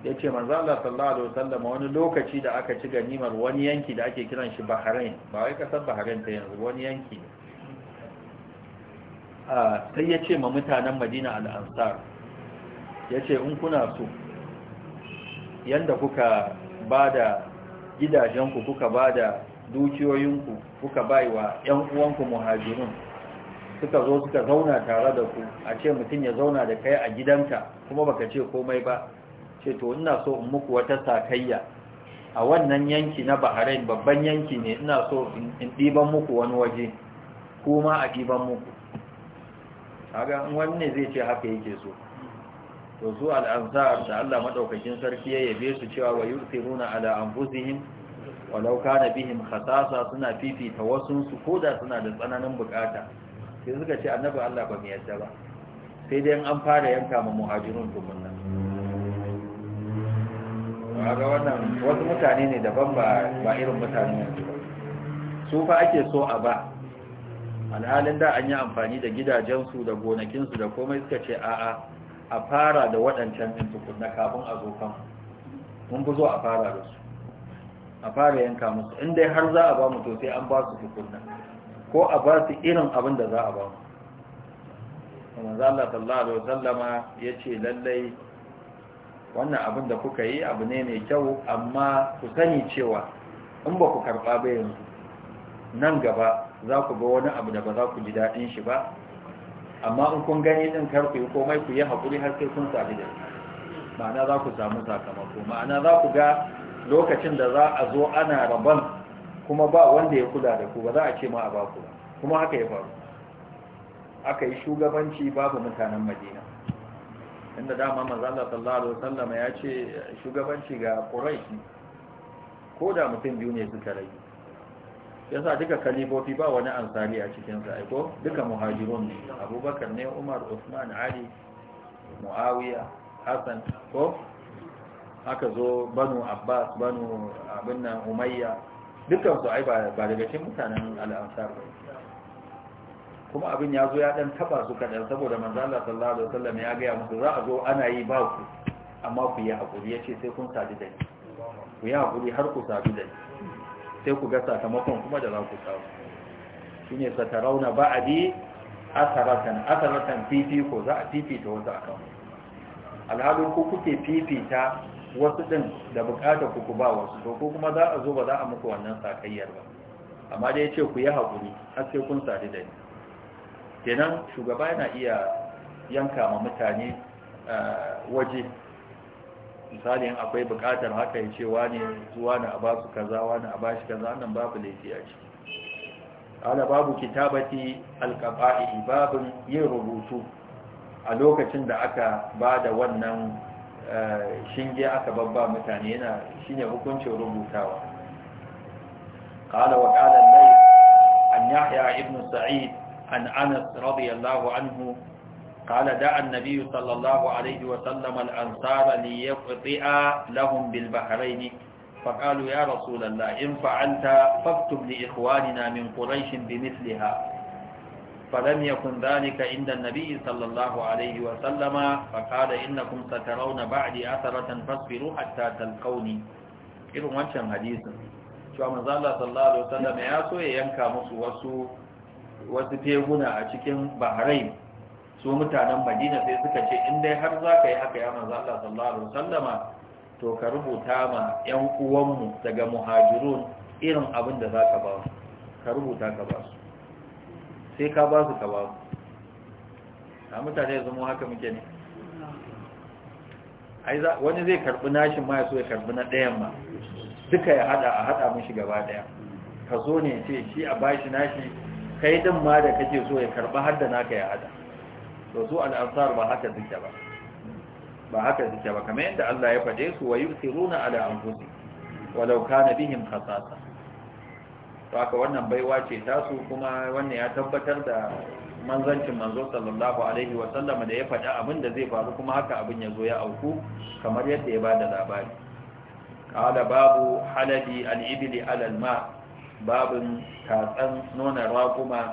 ya ce Allah sallallahu alaihi wasallam wani lokaci da aka ci ganimar wani yanki da ake kiran shi bahrain ba wai kasar bahrain ta yanzu wani yanki a ah, sai ya ce ma mutanen madina al'ansar ya ce in kuna so yanda kuka bada da gidajenku kuka ba da dukiyoyinku kuka bai wa 'yan uwanku muhajirin suka zo suka zauna tare da ku a ce mutum ya zauna da kai a gidanka kuma baka ce komai ba ce to ina so in muku wata sakayya a wannan yanki na bahrain babban yanki ne ina so in ɗiban muku wani waje kuma a ɗiban muku haga wani ne zai ce haka yake so to su al'ansar da allah maɗaukakin sarki ya yabe su cewa wa yi tsiruna ala anfusihim walau kana bihim khasasa suna fifita wasunsu ko da suna da tsananin bukata sai suka ce annabi allah ba mu yadda ba sai dai an fara yanka ma muhajirun nan. kaga wannan wasu mutane ne daban ba ba irin mutane yanzu ba su fa ake so a ba alhalin da an yi amfani da gidajensu da gonakinsu da komai suka ce a'a a fara da waɗancan ɗin na kafin a zo kan mun fi zo a fara da su a fara yanka musu in dai har za a ba mu to sai an ba su tukunna ko a ba su irin abin da za a ba mu manzo Allah sallallahu alaihi wasallama yace lallai wannan abin da kuka yi abu ne mai kyau amma ku sani cewa in ba ku karɓa ba yanzu nan gaba za ku ga wani abu da ba za ku ji daɗin shi ba amma in kun gani ɗin ku yi komai ku yi haƙuri har sai kun sami da ma'ana za ku samu sakamako ma'ana za ku ga lokacin da za a zo ana rabon kuma ba wanda ya kula da ku ba za a ce ma a ba ku ba kuma haka ya faru aka yi shugabanci babu mutanen madina inda dama manzala sallallahu alaihi wasallam ya ce shugabanci ga quraish ko da mutum biyu ne suka rage yasa duka kalifofi ba wani ansari a cikin sa aiko duka muhajirun ne abubakar ne umar usman ali muawiya hassan ko aka zo banu abbas banu umayya dukkan su ai ba daga cikin mutanen al'ansar ba kuma abin ya zo ya dan taba su kadan saboda manzo Allah sallallahu alaihi wasallam ya ga ya musu za a zo ana yi ba ku amma ku yi hakuri yace sai kun sadu da ni ku yi hakuri har ku sadu da ni sai ku ga sakamakon kuma da za ku samu shine a ba'adi asaratan asaratan fifiko za a fifita wasu akan alhalin ku kuke fifita wasu din da bukatar ku ku ba wasu to ko kuma za a zo ba za a muku wannan sakayyar ba amma dai yace ku yi hakuri har sai kun sadu da ni kenan shugaba yana iya yanka ma mutane waje misali in akwai bukatar haka ya ce wani zuwa na a basu kaza wani a bashi kaza wannan babu laifi a ciki ala babu kitabati alqaba'i babun yin rubutu a lokacin da aka ba da wannan shinge aka babba mutane yana shine hukuncin rubutawa qala wa qala al-layth an yahya ibn sa'id عن أنس رضي الله عنه قال دعا النبي صلى الله عليه وسلم الأنصار ليقطع لهم بالبحرين فقالوا يا رسول الله إن فعلت فاكتب لإخواننا من قريش بمثلها فلم يكن ذلك عند النبي صلى الله عليه وسلم فقال إنكم سترون بعدي أثرة فاصبروا حتى تلقوني إذن وانشان حديث شو أمزال الله صلى الله عليه وسلم يا سوء ينكى مصوصوه wasu teguna a cikin bahrain su mutanen madina sai suka ce in dai har za ka yi haka ya manzo Allah sallallahu alaihi wasallama to ka rubuta ma yan uwanmu daga muhajirun irin abin da za ka ba su ka rubuta ka ba su sai ka ba su ka ba su a mutane yanzu haka muke ne wani zai karbi nashin ma ya so ya karbi na ɗayan ma duka ya hada a hada mun shi gaba ɗaya ka zo ne ce shi a bashi nashi kai din ma da kake so ya karba har da naka ya hada to su al-ansar ba haka suke ba ba haka suke ba kamar yadda Allah ya faɗe su wa yusiruna ala anfusihim walau kana bihim khasasa to haka wannan baiwa ce tasu kuma wannan ya tabbatar da manzancin manzo sallallahu alaihi wa sallam da ya faɗa abin da zai faru kuma haka abin ya zo ya auku kamar yadda ya bada labari qala babu halabi al-ibli ala al-ma babin tatsan nonon raƙuma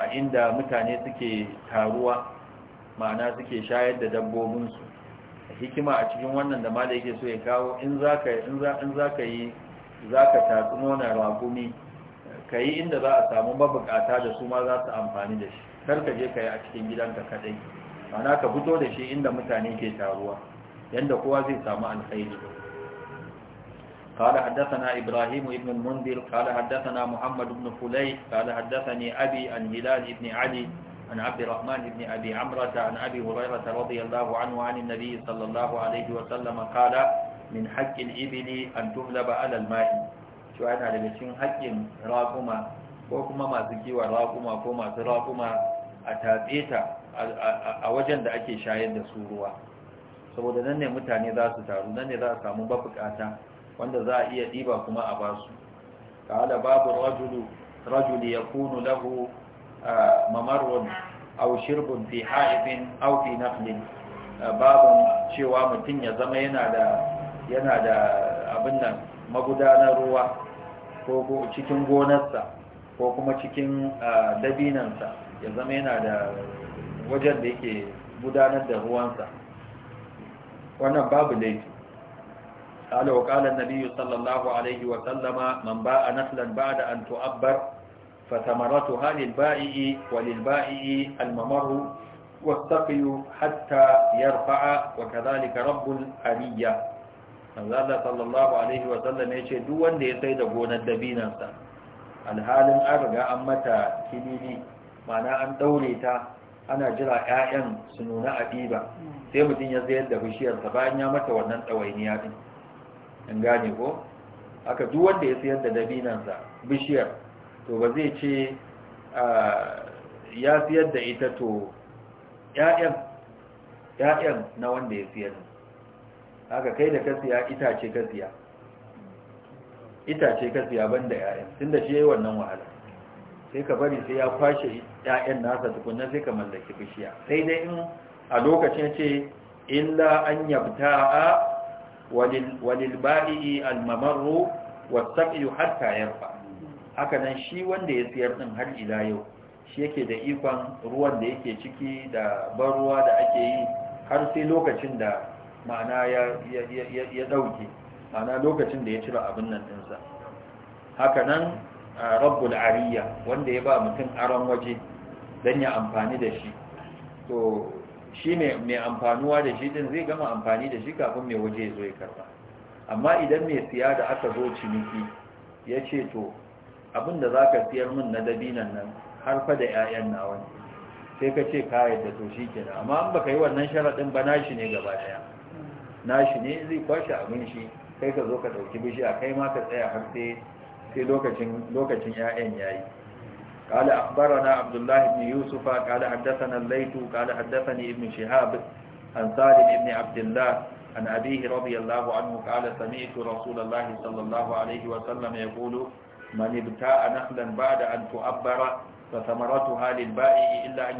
a inda mutane suke taruwa ma'ana suke shayar da dabbobinsu hikima a cikin wannan da mala yake so ya kawo in za ka yi za ka tatsi ragumi ka yi inda za a samu mabukata da su ma za su amfani da shi kar ka je ka yi a cikin gidanka kadai ma'ana ka fito da shi inda mutane ke taruwa yadda kowa zai samu alkhairi قال حدثنا إبراهيم بن المنذر قال حدثنا محمد بن فليح قال حدثني أبي عن هلال بن علي عن عبد الرحمن بن أبي عمرة عن أبي هريرة رضي الله عنه عن النبي صلى الله عليه وسلم قال من حق الإبل أن تغلب على الماء شو أنا على بسين حق راقما وكما ما زكي وراقما وكما تراقما أتابيتا أوجن دا أكي شاهد دا سوروا saboda nan ne mutane za su taru nan ne za a samu babukata wanda za a iya ɗiba kuma a basu kala babu rajulu rajuli yakunu lahu mamarun aw shirbun fi ha'ibin aw fi naqlin babun cewa mutum ya zama yana da abin nan magudanar ruwa ko cikin gonarsa ko kuma cikin dabinansa ya zama yana da wajen da yake gudanar da ruwansa wannan babu laifi قال وقال النبي صلى الله عليه وسلم من باء نخلا بعد أن تؤبر فثمرتها للبائع وللبائع الممر والسقي حتى يرفع وكذلك رب الحرية Allah sallallahu Alaihi wasallam ya ce duk wanda ya sai da gonar dabinansa alhalin an riga an mata kilili Ma'ana an daure ta ana jira 'ya'yan su nuna a ɗiba sai mutum ya zayar da bishiyarsa bayan ya mata wannan ɗawainiya in gane ko aka duk wanda ya sayar da dabinansa bishiyar to ba zai ce ah, ya sayar da ita to ‘ya'yan na wanda ya sayar haka kai da kasiya itace kasiya itace kasiya banda ‘ya'yan tun da shi ya yi wannan wahala sai ka bari sai ya kwashe ‘ya'yan nasa tukunna sai ka mallaki bishiya sai dai in a lokacin ce illa an yabta a walilba'i almamarru wasaƙi hatta yarfa haka nan shi wanda ya siyar din har ila yau shi yake da ikon ruwan da yake ciki da ban ruwa da ake yi har sai lokacin da ma'ana ya dauke, ma'ana lokacin da ya cire abin nan ɗinsa haka nan rabbul ariya wanda ya ba mutum aron waje don ya amfani da shi to shi mai amfanuwa da shi din zai gama amfani da shi kafin mai waje zo ya karba amma idan mai siya da aka zo ciniki ya ce to abinda za ka siyar min na dabinan nan har fa da 'ya'yan nawa ne sai ka ce ka yadda to shi kenan amma an baka yi wannan sharaɗin ba nashi ne gaba ɗaya nashi ne zai kwashe abin shi kai ka zo ka ɗauki bishiya kai ma ka tsaya har sai lokacin 'ya'yan ya yi قال أخبرنا عبد الله بن يوسف قال حدثنا الليث قال حدثني ابن شهاب عن سالم بن عبد الله عن أبيه رضي الله عنه قال سمعت رسول الله صلى الله عليه وسلم يقول من ابتاء نخلا بعد أن تؤبر فثمرتها للبائع إلا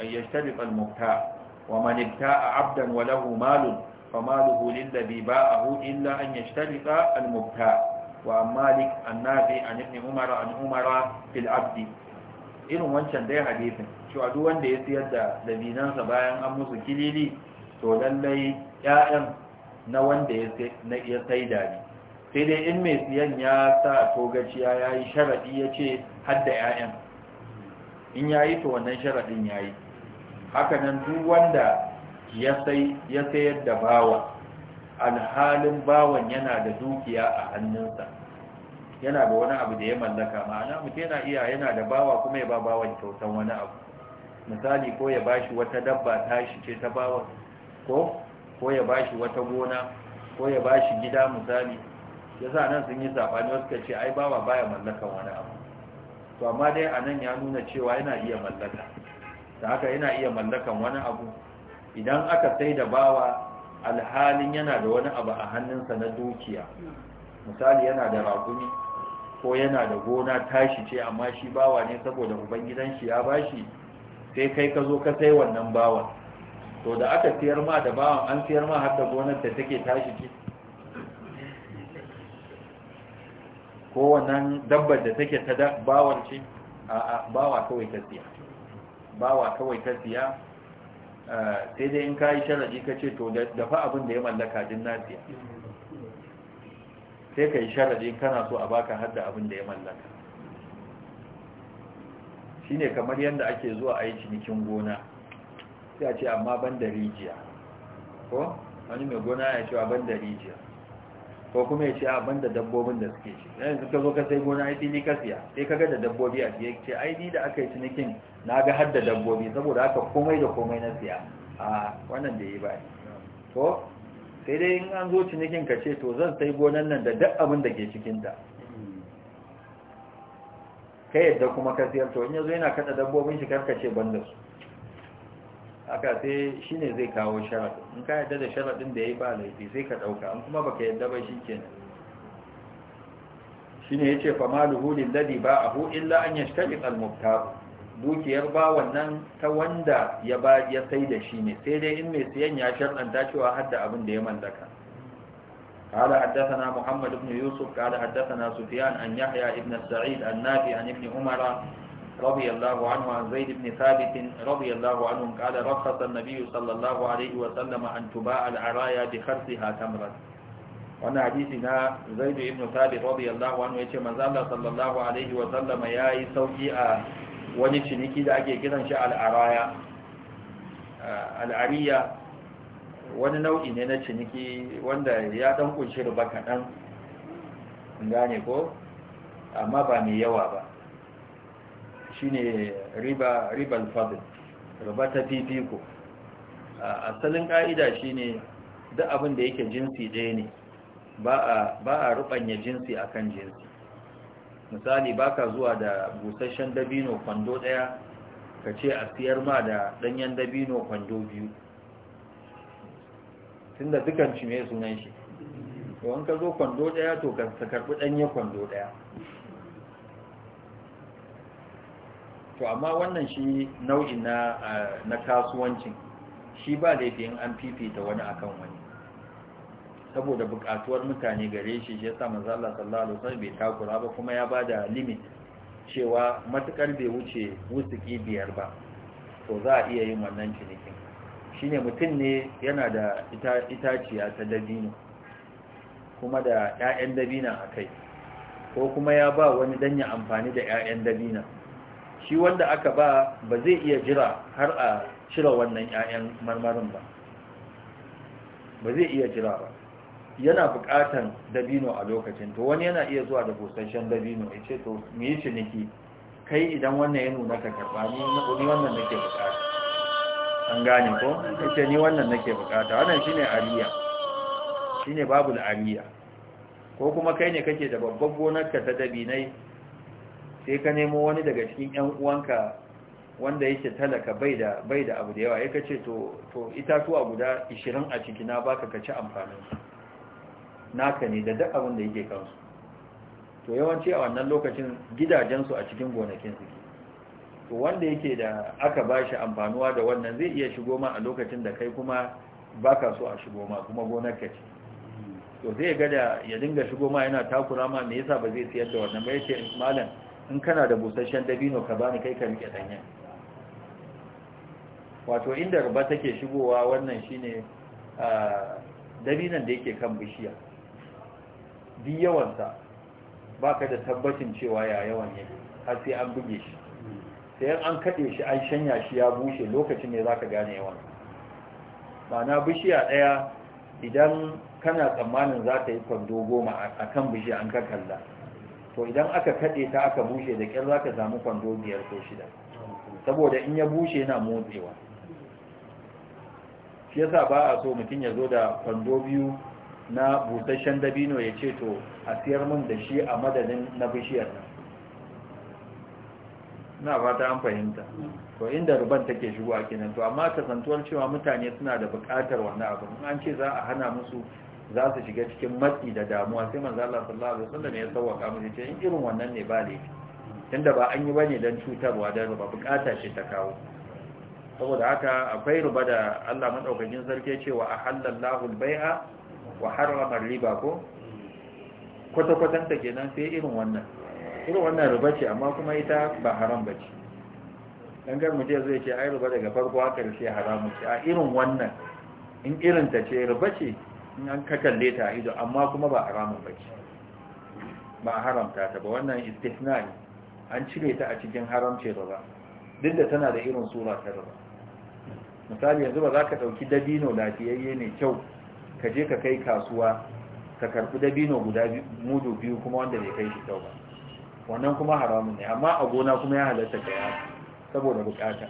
أن يشترط المبتاء ومن ابتاء عبدا وله مال فماله للذي باعه إلا أن يشترط المبتاء وعن مالك النافع عن ابن عمر عن عمر في العبد irin wancan dai hadisin cewa duk wanda ya siyar da dabinansa bayan an musu kilili to lallai ƴaƴan na wanda ya sai da ni sai dai in mai siyan ya sa togaciya ya yi sharadi ya ce hadda ƴaƴan in yayi yi to wannan sharaɗin yayi yi nan duk wanda ya sayar da bawa alhalin bawan yana da dukiya a hannunsa yana da wani abu da ya mallaka ma'ana mutum yana iya yana da bawa kuma ya ba bawan kyautan wani abu misali ko ya bashi wata dabba tashi ce ta bawa, ko ko ya bashi wata gona ko ya bashi gida misali yasa nan sun yi sabani wasu ka ce ai bawa baya mallakan wani abu to amma dai a nan ya nuna cewa yana iya mallaka da haka yana iya mallakan wani abu idan aka sai da bawa alhalin yana da wani abu a hannunsa na dukiya misali yana da raƙumi ko yana da gona tashi ce amma shi bawa ne saboda ubangidan shi ya bashi sai kai ka zo ka sai wannan bawa to da aka siyar ma da bawan an siyar ma har da gonar da take tashi ce ko wannan dabbar da take ta bawar ce a bawa kawai ta siya bawa kawai ta siya eh, sai dai in ka yi sharadi ka ce to da fa abin da ya mallaka din na siya sai ka yi sharadin kana so a baka hadda abin da ya mallaka shine kamar yadda ake zuwa a yi cinikin gona sai a ce amma ban da rijiya ko wani mai gona ya ce a ban da rijiya ko kuma ya ce a ban da dabbobin da suke ci yanzu ka zo ka sai gona ya fi ka siya sai ka ga da dabbobi a siya ce ai ni da aka yi cinikin na ga hadda dabbobi saboda haka komai da komai na siya a wannan da yi ba ko sai dai in an zo cinikin ka ce to zan sai gonan nan da duk abin da ke cikinta ka yadda kuma ka siyar to in yazo yana kada dabbobin shi ce banda su haka sai shine zai kawo sharadi in ka yadda da sharadin da yayi ba laifi sai ka dauka an kuma baka yadda ba shikenan shine yace fa maluhu lilladhi ba'ahu illa an yashtaqi al-mubtab bukiyar ba wannan ta wanda ya ba ya sai da shi ne sai dai in mai siyan ya sharɗanta cewa har da abin da ya mallaka qala haddathana muhammad ibn yusuf qala haddathana sufyan an yahya ibn sa'id an nafi an ibn umar radiyallahu anhu an zaid ibn thabit radiyallahu anhu qala rakhasa an-nabiy sallallahu alayhi wa sallam an tubaa al wani bi khartiha tamrat wannan hadisi na zaid ibn thabit radiyallahu anhu yace manzo Allah sallallahu alayhi wa sallam yayi sauki a wani ciniki da ake kiran shi al'araya ah, al'ariya wani nau'i ne na ciniki wanda ya dan kunshi riba kaɗan gane ko amma ba mai yawa ba shi ne riba fadil ruba ta fifiko ah, asalin ƙa'ida shi ne duk abin yake jinsi ɗaya ne ba a ruɓanya jinsi akan jinsi misali baka zuwa da busasshen dabino kwando ɗaya, ka ce a siyar ma da danyen dabino kwando biyu tunda dukan ci mai sunan shi to ka zo kwando ɗaya to ka karbi danye kwando ɗaya. to amma wannan shi nau'in eh, na kasuwancin shi ba laifin an fifita wani akan wani saboda buƙatuwar mutane gare shi shi yasa manzo Allah sallallahu alaihi wasallam bai takura ba kuma ya bada limit cewa matukar bai wuce wusuki biyar ba to za a iya yin wannan cinikin shine mutum ne yana da itaciya ta dabino kuma da 'ya'yan dabina a kai ko kuma ya ba wani danya amfani da 'ya'yan dabina shi wanda aka ba ba zai iya jira har a cire wannan 'ya'yan marmarin ba ba zai iya jira ba yana buƙatar dabino a lokacin to wani yana iya zuwa da busasshen dabino ya ce to mu yi ciniki kai idan wannan ya nuna ka karɓa ni wannan nake buƙata an gane ko ya ce ni wannan nake buƙata wannan shine ariya shine babul ariya ko kuma kai ne kake da babbar gonarka ta dabinai sai ka nemo wani daga cikin yan uwanka wanda yake talaka bai da bai da abu da yawa ya kace to to itatuwa guda 20 a ciki na baka ka ci amfanin su naka ne da duk abin da yake kansu to yawanci a wannan lokacin gidajensu a cikin gonakin ke. to wanda yake da aka ba shi amfanuwa da wannan zai iya shigo ma a lokacin da kai kuma baka so a shigo ma kuma gonarka ce to zai ga da ya dinga shigo ma yana takura ma me yasa ba zai siyar da wannan ba yace malam in kana da busasshen dabino ka bani kai ka rike danyen wato inda ruba take shigowa wannan shine ah, dabinan da yake kan bishiya Bi yawansa ba ka da tabbacin cewa ya yawan ne har sai an buge shi sai an kaɗe shi an shanya shi ya bushe lokacin ne za ka gane yawan ma'ana bishiya ɗaya idan kana tsammanin za ta yi kwando goma a kan bishiya an ka kalla to idan aka kaɗe ta aka bushe da ƙyar za ka samu kwando biyar ko shida saboda in ya bushe yana motsewa shi yasa ba a so mutum ya zo da kwando biyu na busasshen dabino ya ce to a siyar mun da shi a madadin na bishiyar nan na fata an fahimta to inda ruban take shigo a kenan to amma kasantuwar cewa mutane suna da buƙatar wannan abu an ce za a hana musu za su shiga cikin matsi da damuwa sai manzo Allah sallallahu alaihi wasallam ya sauka musu ce in irin wannan ne ba laifi tunda ba an yi bane dan cutarwa da ruba bukata ce ta kawo saboda haka akwai ruba da Allah madaukakin sarki cewa ahallallahu albay'a wa harrama riba ko kwata ke kenan sai irin wannan irin wannan riba ce amma kuma ita ba haram ba ce ɗan gar mutum zai ce ai riba daga farko a ƙarshe haramu ce a irin wannan in irin ta ce riba ce in an kakalle ta a ido amma kuma ba haramun ba ce ba haramta ta ba wannan istisna ne an cire ta a cikin haramce riba duk da tana da irin sura ta riba misali yanzu ba za ka ɗauki dabino lafiyayye ne kyau ka je ka kai kasuwa ka karbi dabino guda mudu biyu kuma wanda bai kai shi kyau ba wannan kuma haramun ne amma a gona kuma ya halatta ka yi saboda bukata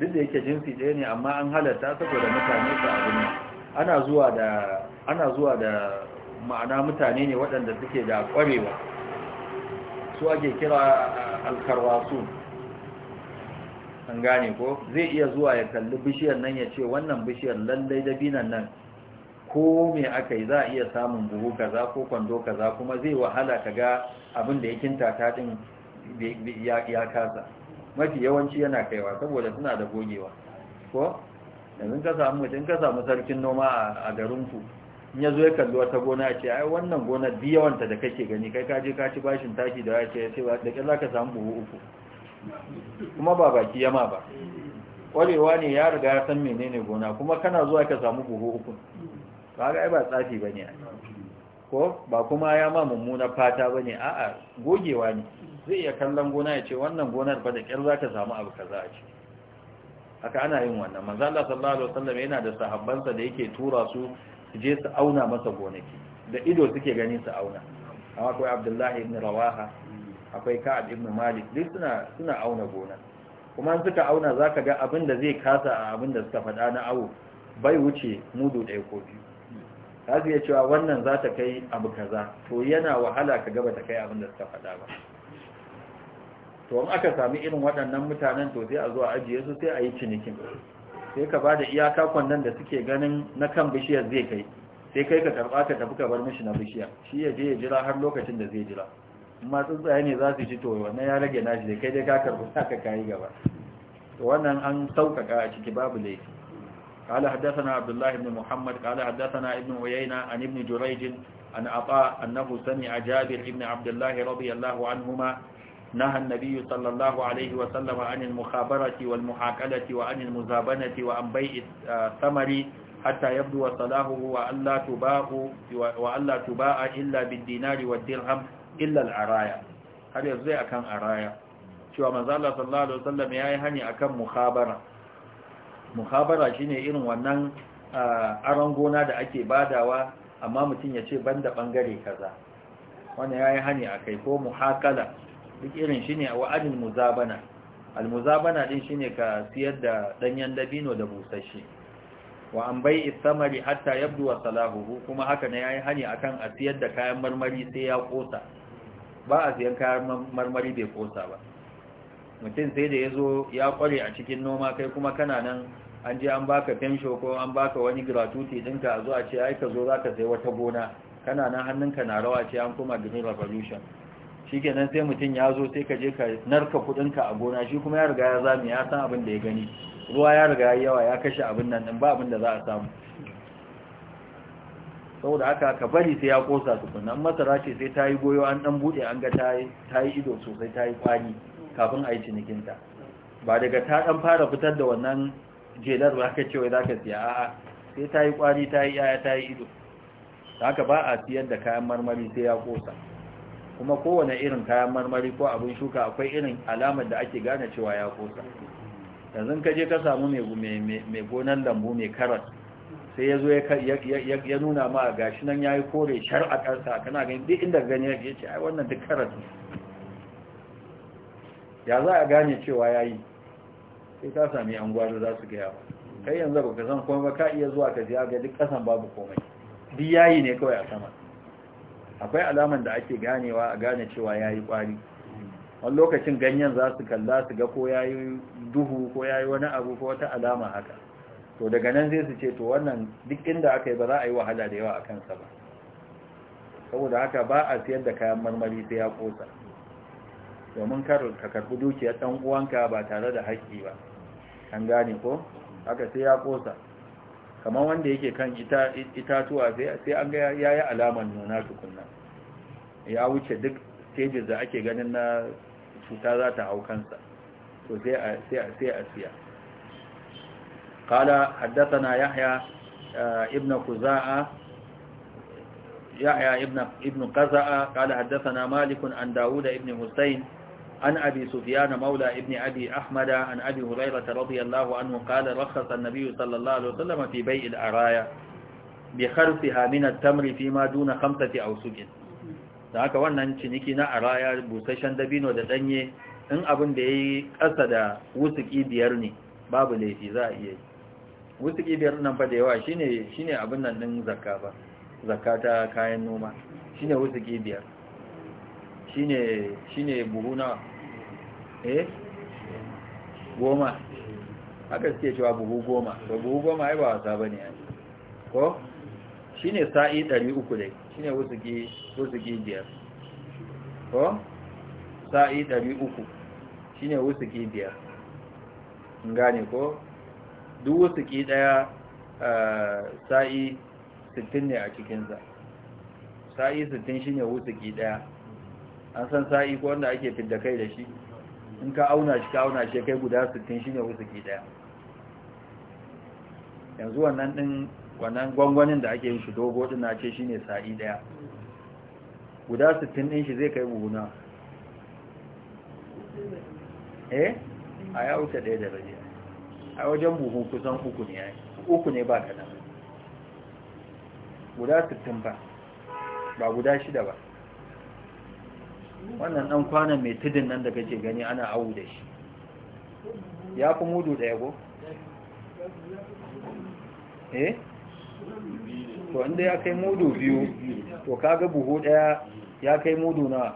duk da yake jinsi ɗaya ne amma an halatta saboda mutane su abin ana zuwa da ana zuwa da ma'ana mutane ne waɗanda suke da ƙwarewa su ake kira alkarwasu an gane ko zai iya zuwa ya kalli bishiyar nan ya ce wannan bishiyar lallai da binan nan ko me aka yi za a iya samun buhu kaza ko kwando kaza kuma zai wahala ka ga abin da ya kinta ta ya kasa mafi yawanci yana kaiwa saboda suna da gogewa ko yanzu ka samu mutum ka samu sarkin noma a garinku in ya zo ya kalli wata gona ce ai wannan gona bi yawanta da kake gani kai ka je ka ci bashin taki da ya ce ba da ƙin za ka samu buhu uku kuma ba baki yama ba kwarewa ne ya riga ya san menene gona kuma kana zuwa ka samu buhu uku kaga ai ba tsafi bane ko ba kuma ya ma mummuna fata ne? a'a gogewa ne zai iya kallon gona ya ce wannan gonar ba da kyar ka samu abu kaza a ce haka ana yin wannan manzo Allah sallallahu alaihi wasallam yana da sahabbansa da yake tura su su je su auna masa gonaki da ido suke gani su auna amma akwai Abdullahi ibn Rawaha akwai ka'ab ibn malik duk suna suna auna gona kuma in suka auna zaka ga abin da zai kasa a abin da suka faɗa na awo bai wuce mudu ɗaya ko biyu za su iya cewa wannan za ta kai abu kaza to yana wahala ka gaba ta kai abin da suka faɗa ba to in aka sami irin waɗannan mutanen to sai a zuwa a ajiye su sai a yi cinikin sai ka ba da iyaka kwannan da suke ganin na kan bishiyar zai kai sai kai ka karɓa ka tafi ka bar mishi na bishiya shi ya je ya jira har lokacin da zai jira ma tsuntsaye ne za su ci to wannan ya rage nashi da kai dai ka karbi saka kai gaba to wannan an saukaka a ciki babu laifi قال حدثنا عبد الله بن محمد قال حدثنا ابن عيينة عن ابن جريج عن عطاء أنه سمع جابر بن عبد الله رضي الله عنهما نهى النبي صلى الله عليه وسلم عن المخابرة والمحاكلة وعن المزابنة وعن بيع الثمر حتى يبدو صلاحه وألا تباع, وألا تباع إلا بالدينار والدرهم illa al-araya har yanzu zai akan araya cewa manzo Allah sallallahu alaihi wasallam yayi hani akan muhabara muhabara shine irin wannan aron gona da ake badawa amma mutum ya ce banda bangare kaza wannan yayi hani akai ko muhakala duk irin shine wa adil muzabana almuzabana din shine ka siyar da danyen dabino da busashi wa an bai ittamari hatta yabdu wa salahu kuma haka ne yayi hani akan a siyar da kayan marmari sai ya kosa ba a siyan kayan marmari bai kosa ba mutum sai da ya zo ya kware a cikin noma kai kuma kana nan an je an baka fensho ko an baka wani gratuti dinka a zo a ce ai ka zo za ka sai wata gona kana nan hannunka na rawa ce an kuma green revolution kenan sai mutum ya zo sai ka je ka narka kudinka a gona shi kuma ya riga ya zame ya san abin da ya gani ruwa ya riga yawa ya kashe abin nan ba abin da za a samu saboda haka ka bari sai ya kosa tukunna masara ce sai ta yi goyo an dan bude an ga ta yi ido sosai ta yi kwani kafin a yi cinikinta ba daga ta dan fara fitar da wannan jelar ba ka cewa za ka siya a'a sai ta yi kwani ta yi yaya ta yi ido haka ba a siyar da kayan marmari sai ya kosa kuma kowane irin kayan marmari ko abin shuka akwai irin alamar da ake gane cewa ya kosa yanzu ka je ka samu mai gonan lambu mai karas sai ya zo ya nuna ma shi nan ya yi kore shar a ƙarsa kana gani duk inda gani ya ce ai wannan duk karatu ya za a gane cewa ya yi sai ta sami an gwado za su gaya ba kai yanzu ba ka san kuma ba ka iya zuwa ka ziya ga duk ƙasan babu komai ya yi ne kawai a sama akwai alaman da ake ganewa a gane cewa ya yi ƙwari wani lokacin ganyen za su kalla su ga ko ya yi duhu ko ya yi wani abu ko wata alama haka to daga nan zai su ce to wannan duk inda aka yi ba za a yi wahala da yawa a kansa ba saboda haka ba a siyar da kayan marmari sai ya kosa domin kar ka karbi dukiyar ɗan uwanka ba tare da haƙƙi ba an gane ko haka sai ya kosa kamar wanda yake kan itatuwa sai an ga ya yi alamar nuna tukunna ya wuce duk stages da ake ganin na cuta za ta hau kansa to sai a siya قال حدثنا يحيى ابن خزاعة يحيى ابن ابن قزعة قال حدثنا مالك عن داوود ابن حسين عن أبي سفيان مولى ابن أبي أحمد عن أبي هريرة رضي الله عنه قال رخص النبي صلى الله عليه وسلم في بيع الأرايا بخرفها من التمر فيما دون خمسة أو سجن da haka wannan ciniki na araya busasshen dabino da danye in abin da ya yi ƙasa da wusuki biyar ne babu laifi za a iya yi wutuki biyar nan fa da yawa shine shine abin nan din zakka ba zakka ta kayan noma shine wutuki biyar shine shine buhu na eh goma haka suke cewa buhu goma ba buhu goma ai ba wasa ba ne ko shine sa'i 300 dai shine wutuki wutuki biyar ko sa'i 300 shine wutuki biyar ngane ko duk wasu ki daya eh, sa'i 60 ne a cikinsa sa'i 60 shine wasu ki daya an san sa'i ko wanda ake fidda kai da shi in ka auna shi ka auna shi kai guda 60 shine wasu ki daya yanzu wannan din wannan gwangwanin da ake yin shi dogo din na ce shine sa'i daya guda 60 din shi zai kai buguna eh a ya wuce daya da rage. a wajen buhu kusan uku ne yayi uku ne ba kaɗan guda sittin ba ba guda shida ba wannan ɗan kwanan mai tudun nan da kake gani ana awu da shi ya fi mudu ɗaya ko? eh? to inda ya kai mudu biyu to kaga buhu ɗaya ya kai mudu na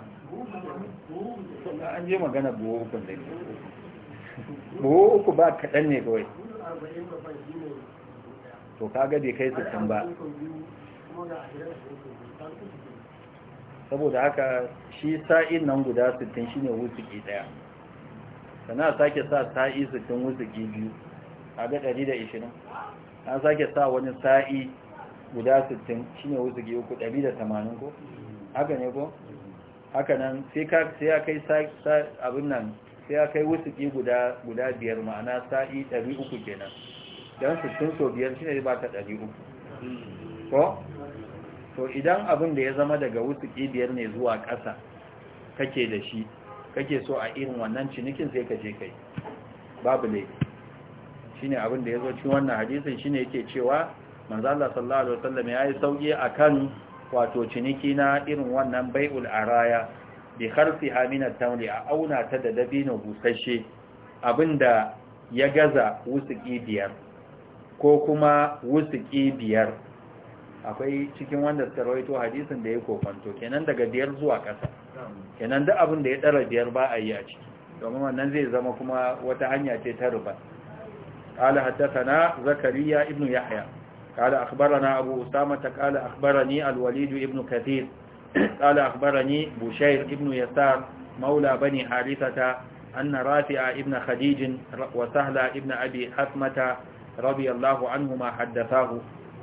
an je magana buhu ukun da ne buhu uku ba kaɗan ne kawai to kaga bai kai sittin ba saboda haka shi sa'in nan guda sittin shine wusuki ɗaya sana sake sa sa'i sittin wusuki biyu a ga ɗari da ishirin an sake sa wani sa'i guda sittin shine wusuki uku ɗari da tamanin ko haka ne ko haka nan sai ya kai abin nan sai ya kai wusuki guda guda biyar ma'ana sa'i 300 kenan su sun so biyar shi ne ba ta 300 ko to idan abin da ya zama daga wasu ki biyar ne zuwa ƙasa kake da shi kake so a irin wannan cinikin sai ka je kai babu ne. Shi ne abin da ya zo cin wannan hadisin ne yake cewa manzo Allah sallallahu alaihi wasallam sauƙi a kan wato ciniki na irin wannan bai'ul araya bi harfi haminar tamri a auna ta da dabino busasshe abinda ya gaza wusuki biyar ko kuma wusuki biyar akwai cikin wanda suka rawaito hadisin da ya kofanto kenan daga biyar zuwa ƙasa kenan duk abinda ya ɗara biyar ba a yi a ciki domin wannan zai zama kuma wata hanya ce ta ruba قال حدثنا زكريا ابن يحيى قال أخبرنا أبو أسامة قال أخبرني الوليد ابن كثير قال أخبرني بشير ابن يسار مولى بني حارثة أن رافع ابن خديج وسهل ابن أبي حثمة رضي الله عنهما حدثاه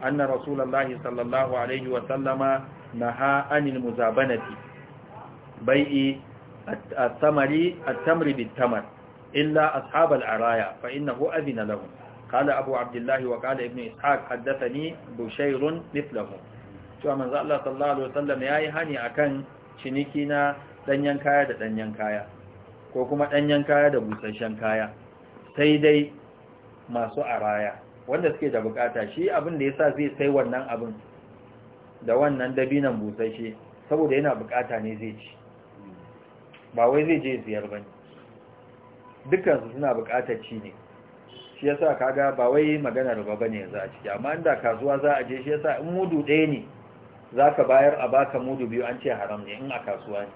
أن رسول الله صلى الله عليه وسلم نهى عن المزابنة بيع التمر التمر بالتمر إلا أصحاب العرايا فإنه أذن لهم قال أبو عبد الله وقال ابن إسحاق حدثني بشير مثله cewa manzo Allah sallallahu alaihi wasallam yayi hani akan ciniki na danyen kaya da danyen kaya ko kuma danyen kaya da busasshen kaya sai dai masu araya wanda suke da bukata shi abin da yasa zai sai wannan abin da wannan dabinan busasshe saboda yana bukata ne zai ci ba wai zai je ziyar ba dukkan su suna bukata ci ne shi yasa kaga ba wai maganar ba bane yanzu a ciki amma inda kasuwa za a je shi yasa in mudu ɗaya ne za ka bayar a baka mudu biyu an ce haram ne in a kasuwa ne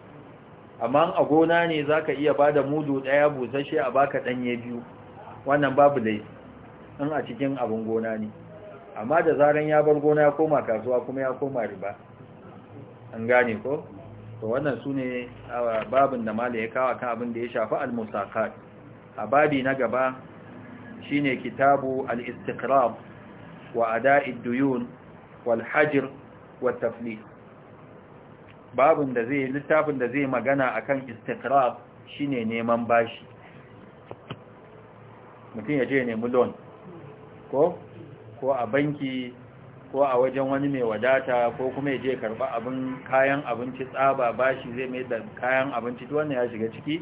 amma a gona ne za ka iya ba da mudu ɗaya busasshe a baka ɗanye biyu wannan babu dai, in a cikin abin gona ne amma da zaren ya bar gona ya koma kasuwa kuma ya koma riba an gane ko to wannan su ne babin da mala ya kawo kan abin da ya shafi al a babi na gaba shine kitabu al-istiqrab wa ada'id duyun wal hajr والتفليل باب da zai littafin da zai magana akan istiqrar shine neman bashi mutum ya je nemi loan ko ko a banki ko a wajen wani mai wadata ko kuma ya je karba abin kayan abinci tsaba bashi zai mai da kayan abinci to wannan ya shiga ciki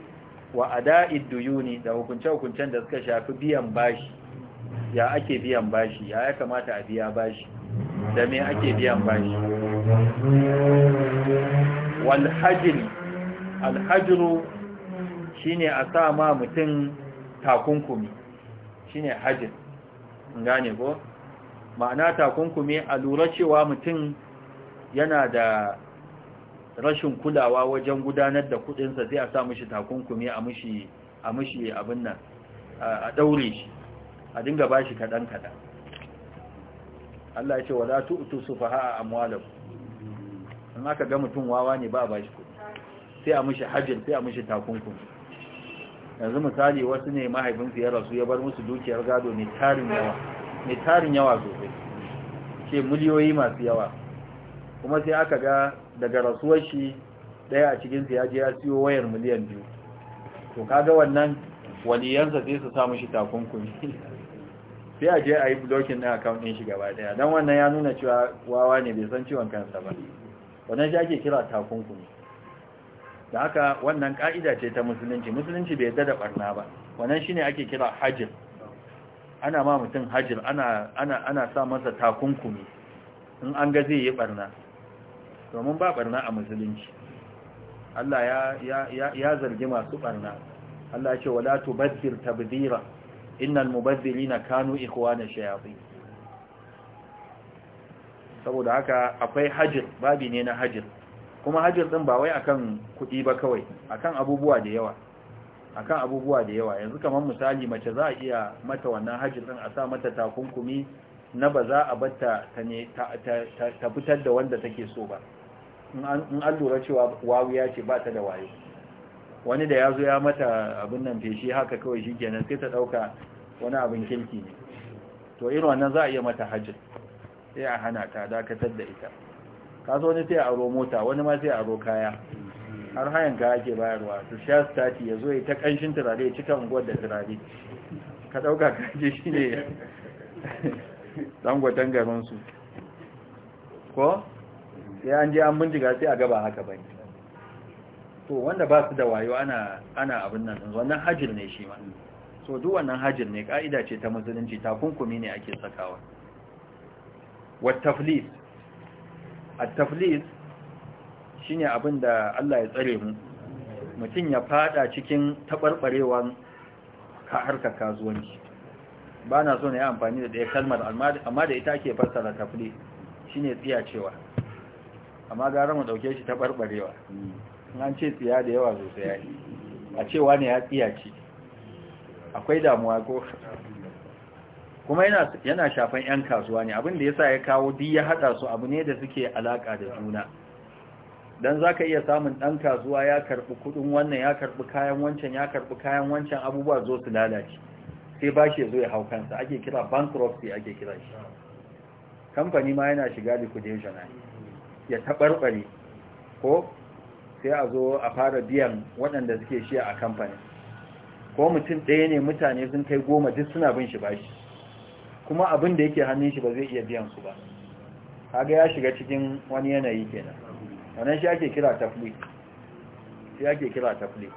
wa ada'id duyuni da hukunce-hukuncen da suka shafi biyan bashi ya ake biyan bashi ya ya kamata a biya bashi da me ake biyan bashi wal hajri al hajru shine a sa ma mutum takunkumi shine hajir gane ko ma'ana takunkumi a lura cewa mutum yana da rashin kulawa wajen gudanar da kudinsa sai a sa mishi takunkumi a mishi a mishi abin nan a daure shi a dinga bashi kadan kadan Allah ya ce wa la tu'tu sufaha amwalakum in aka ga mutum wawa ne ba bashi kuɗi sai a mishi hajjin sai a mishi takunkun yanzu misali wasu ne mahaifinsu ya rasu ya bar musu dukiyar gado mai tarin yawa ne tarin yawa sosai ce miliyoyi masu yawa kuma sai aka ga daga rasuwar shi daya a cikinsu ya je ya siyo wayar miliyan biyu to kaga wannan waliyansa sai su sa mishi takunkumi sai a je a yi blokin na account din shi gaba daya don wannan ya nuna cewa wawa ne bai san ciwon kansa ba wannan shi ake kira takunkumi da haka wannan ka'ida ce ta musulunci musulunci bai yadda da barna ba wannan shi ne ake kira hajir ana ma mutum hajir ana sa masa takunkumi in an ga zai yi barna domin ba barna a musulunci Allah ya zargi masu barna Allah ya ce wala tubaddir tabdira innal mubazzirina kanu ikhwana shayatin saboda haka akwai hajir babi ne na hajir kuma hajir din ba wai akan kuɗi ba kawai akan abubuwa da yawa akan abubuwa da yawa yanzu kamar misali mace za a iya mata wannan hajir din a sa mata takunkumi na ba za a batta ta fitar da wanda take so ba in an lura cewa wawuya ce ba ta da wayo wani da ya zo ya mata abin nan feshi haka kawai shi kenan sai ta ɗauka wani abin kirki ne to irin wannan za a iya mata hajji sai a hana ta dakatar da ita Ka zo wani sai a aro mota wani ma sai a aro kaya har hayan kaya ke bayarwa su sha stati ya zo ya ta ƙanshin turare ya cika unguwar da turare ka ɗauka kaji shi ne dangwatan garinsu ko sai an je an bincika sai a gaba haka bane to wanda ba su da wayo ana ana abin nan wannan hajir ne shi ma so duk wannan hajir ne ka'ida ce ta musulunci takunkumi ne ake sakawa wa taflis at-taflis shine abin da Allah ya tsare mu mutum ya fada cikin tabarbarewan ka harkar kasuwanci ba na so ne amfani da ɗaya kalmar amma da ita ake fassara tafli shine tsiya cewa amma gara mu ɗauke shi tabarbarewa an ce tsiya da yawa sosai ya yi a cewa ne ya tsiya ce akwai damuwa ko kuma yana shafan 'yan kasuwa ne abinda ya sa ya kawo di ya haɗa su abu ne da suke alaƙa da juna don za ka iya samun ɗan kasuwa ya karɓi kuɗin wannan ya karɓi kayan wancan ya karɓi kayan wancan abubuwa zo su lalace sai ba shi zo ya hau kansa ake kira bankruptcy ake kira shi kamfani ma yana shiga liquidation ya taɓarɓare ko sai a zo a fara biyan waɗanda suke shi a kamfani ko mutum ɗaya ne mutane sun kai goma duk suna bin shi bashi kuma abin da yake hannun shi ba zai iya biyan su ba haga ya shiga cikin wani yanayi kenan wannan shi ake kira tafli shi ake kira tafli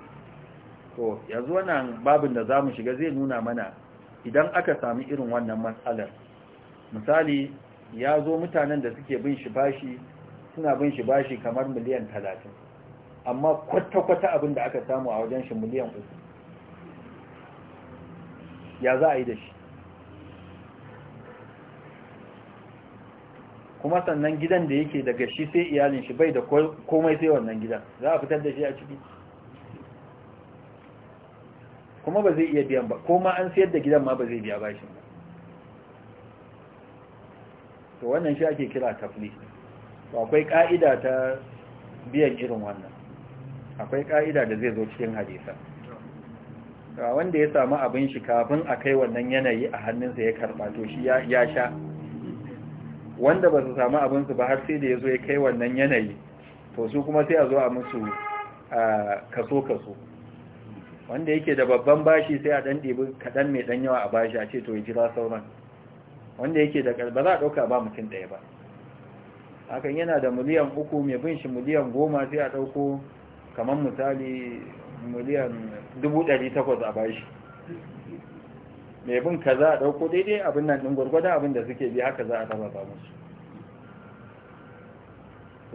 to yanzu wannan babin da zamu shiga zai nuna mana idan aka sami irin wannan matsalar misali ya zo mutanen da suke bin shi bashi suna bin shi bashi kamar miliyan talatin amma kwata-kwata abin da aka samu a wajen shi miliyan uku ya za a yi da shi kuma sannan gidan da yake daga shi sai iyalin shi bai da komai sai wannan gidan za a fitar da shi a ciki kuma ba zai iya biyan ba ko ma an siyar da gidan ma ba zai biya bashin ba to wannan shi ake kira tafli akwai ka'ida ta biyan irin wannan akwai ka'ida da zai zo cikin hadisa wanda ya samu abin shi kafin a kai wannan yanayi a hannunsa ya karba to shi ya sha wanda ba su samu abinsu ba har sai da ya zo ya kai wannan yanayi to su kuma sai a zo a musu kaso-kaso wanda yake da babban bashi sai a ɗan ɗebi kaɗan mai ɗan yawa a bashi a ce to ya jira sauran wanda yake da ba za a ɗauka ba mutum ɗaya ba hakan yana da miliyan uku mai bin shi miliyan goma sai a ɗauko kamar misali miliyan takwas a bashi mai bin ka za a ɗauko daidai abin nan ɗin gwargwada abin da suke bi haka za a tabata musu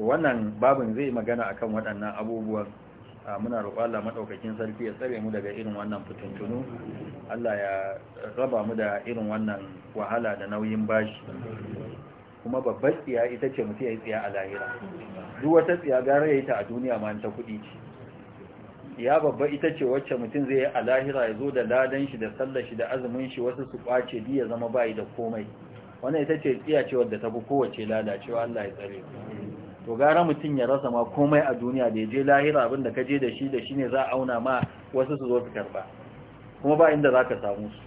wannan babin zai magana akan waɗannan abubuwan muna roƙo Allah maɗaukakin sarki ya tsare mu daga irin wannan fitintunu Allah ya raba mu da irin wannan wahala da nauyin bashi kuma babbar tsiya ita ce mutum ya yi tsiya a lahira duk wata tsiya gara ya yi ta a duniya ma ta kuɗi ce tsiya babba ita ce wacce mutum zai yi a lahira ya zo da ladan shi da sallar shi da azumin shi wasu su kwace bi ya zama bayi da komai wannan ita ce tsiya ce wadda ta fi kowace lalacewa Allah ya tsare to gara mutum ya rasa ma komai a duniya da ya je lahira abin da ka je da shi da shi ne za a auna ma wasu su zo su karba kuma ba inda za ka samu su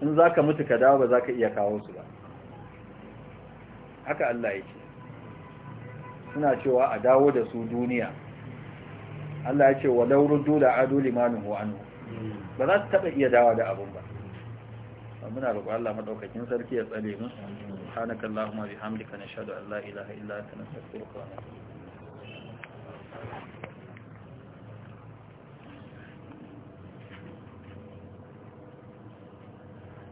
in za ka mutu ka dawo ba za ka iya kawo su ba haka Allah ya ce suna cewa a dawo da su duniya Allah ya ce wa lauruddu da adu limanin wa ba za su taɓa iya dawa da abun ba muna roƙo Allah maɗaukakin sarki ya tsare mu subhanaka allahumma bihamdika nashhadu an la ilaha illa anta nastaghfiruka wa natubu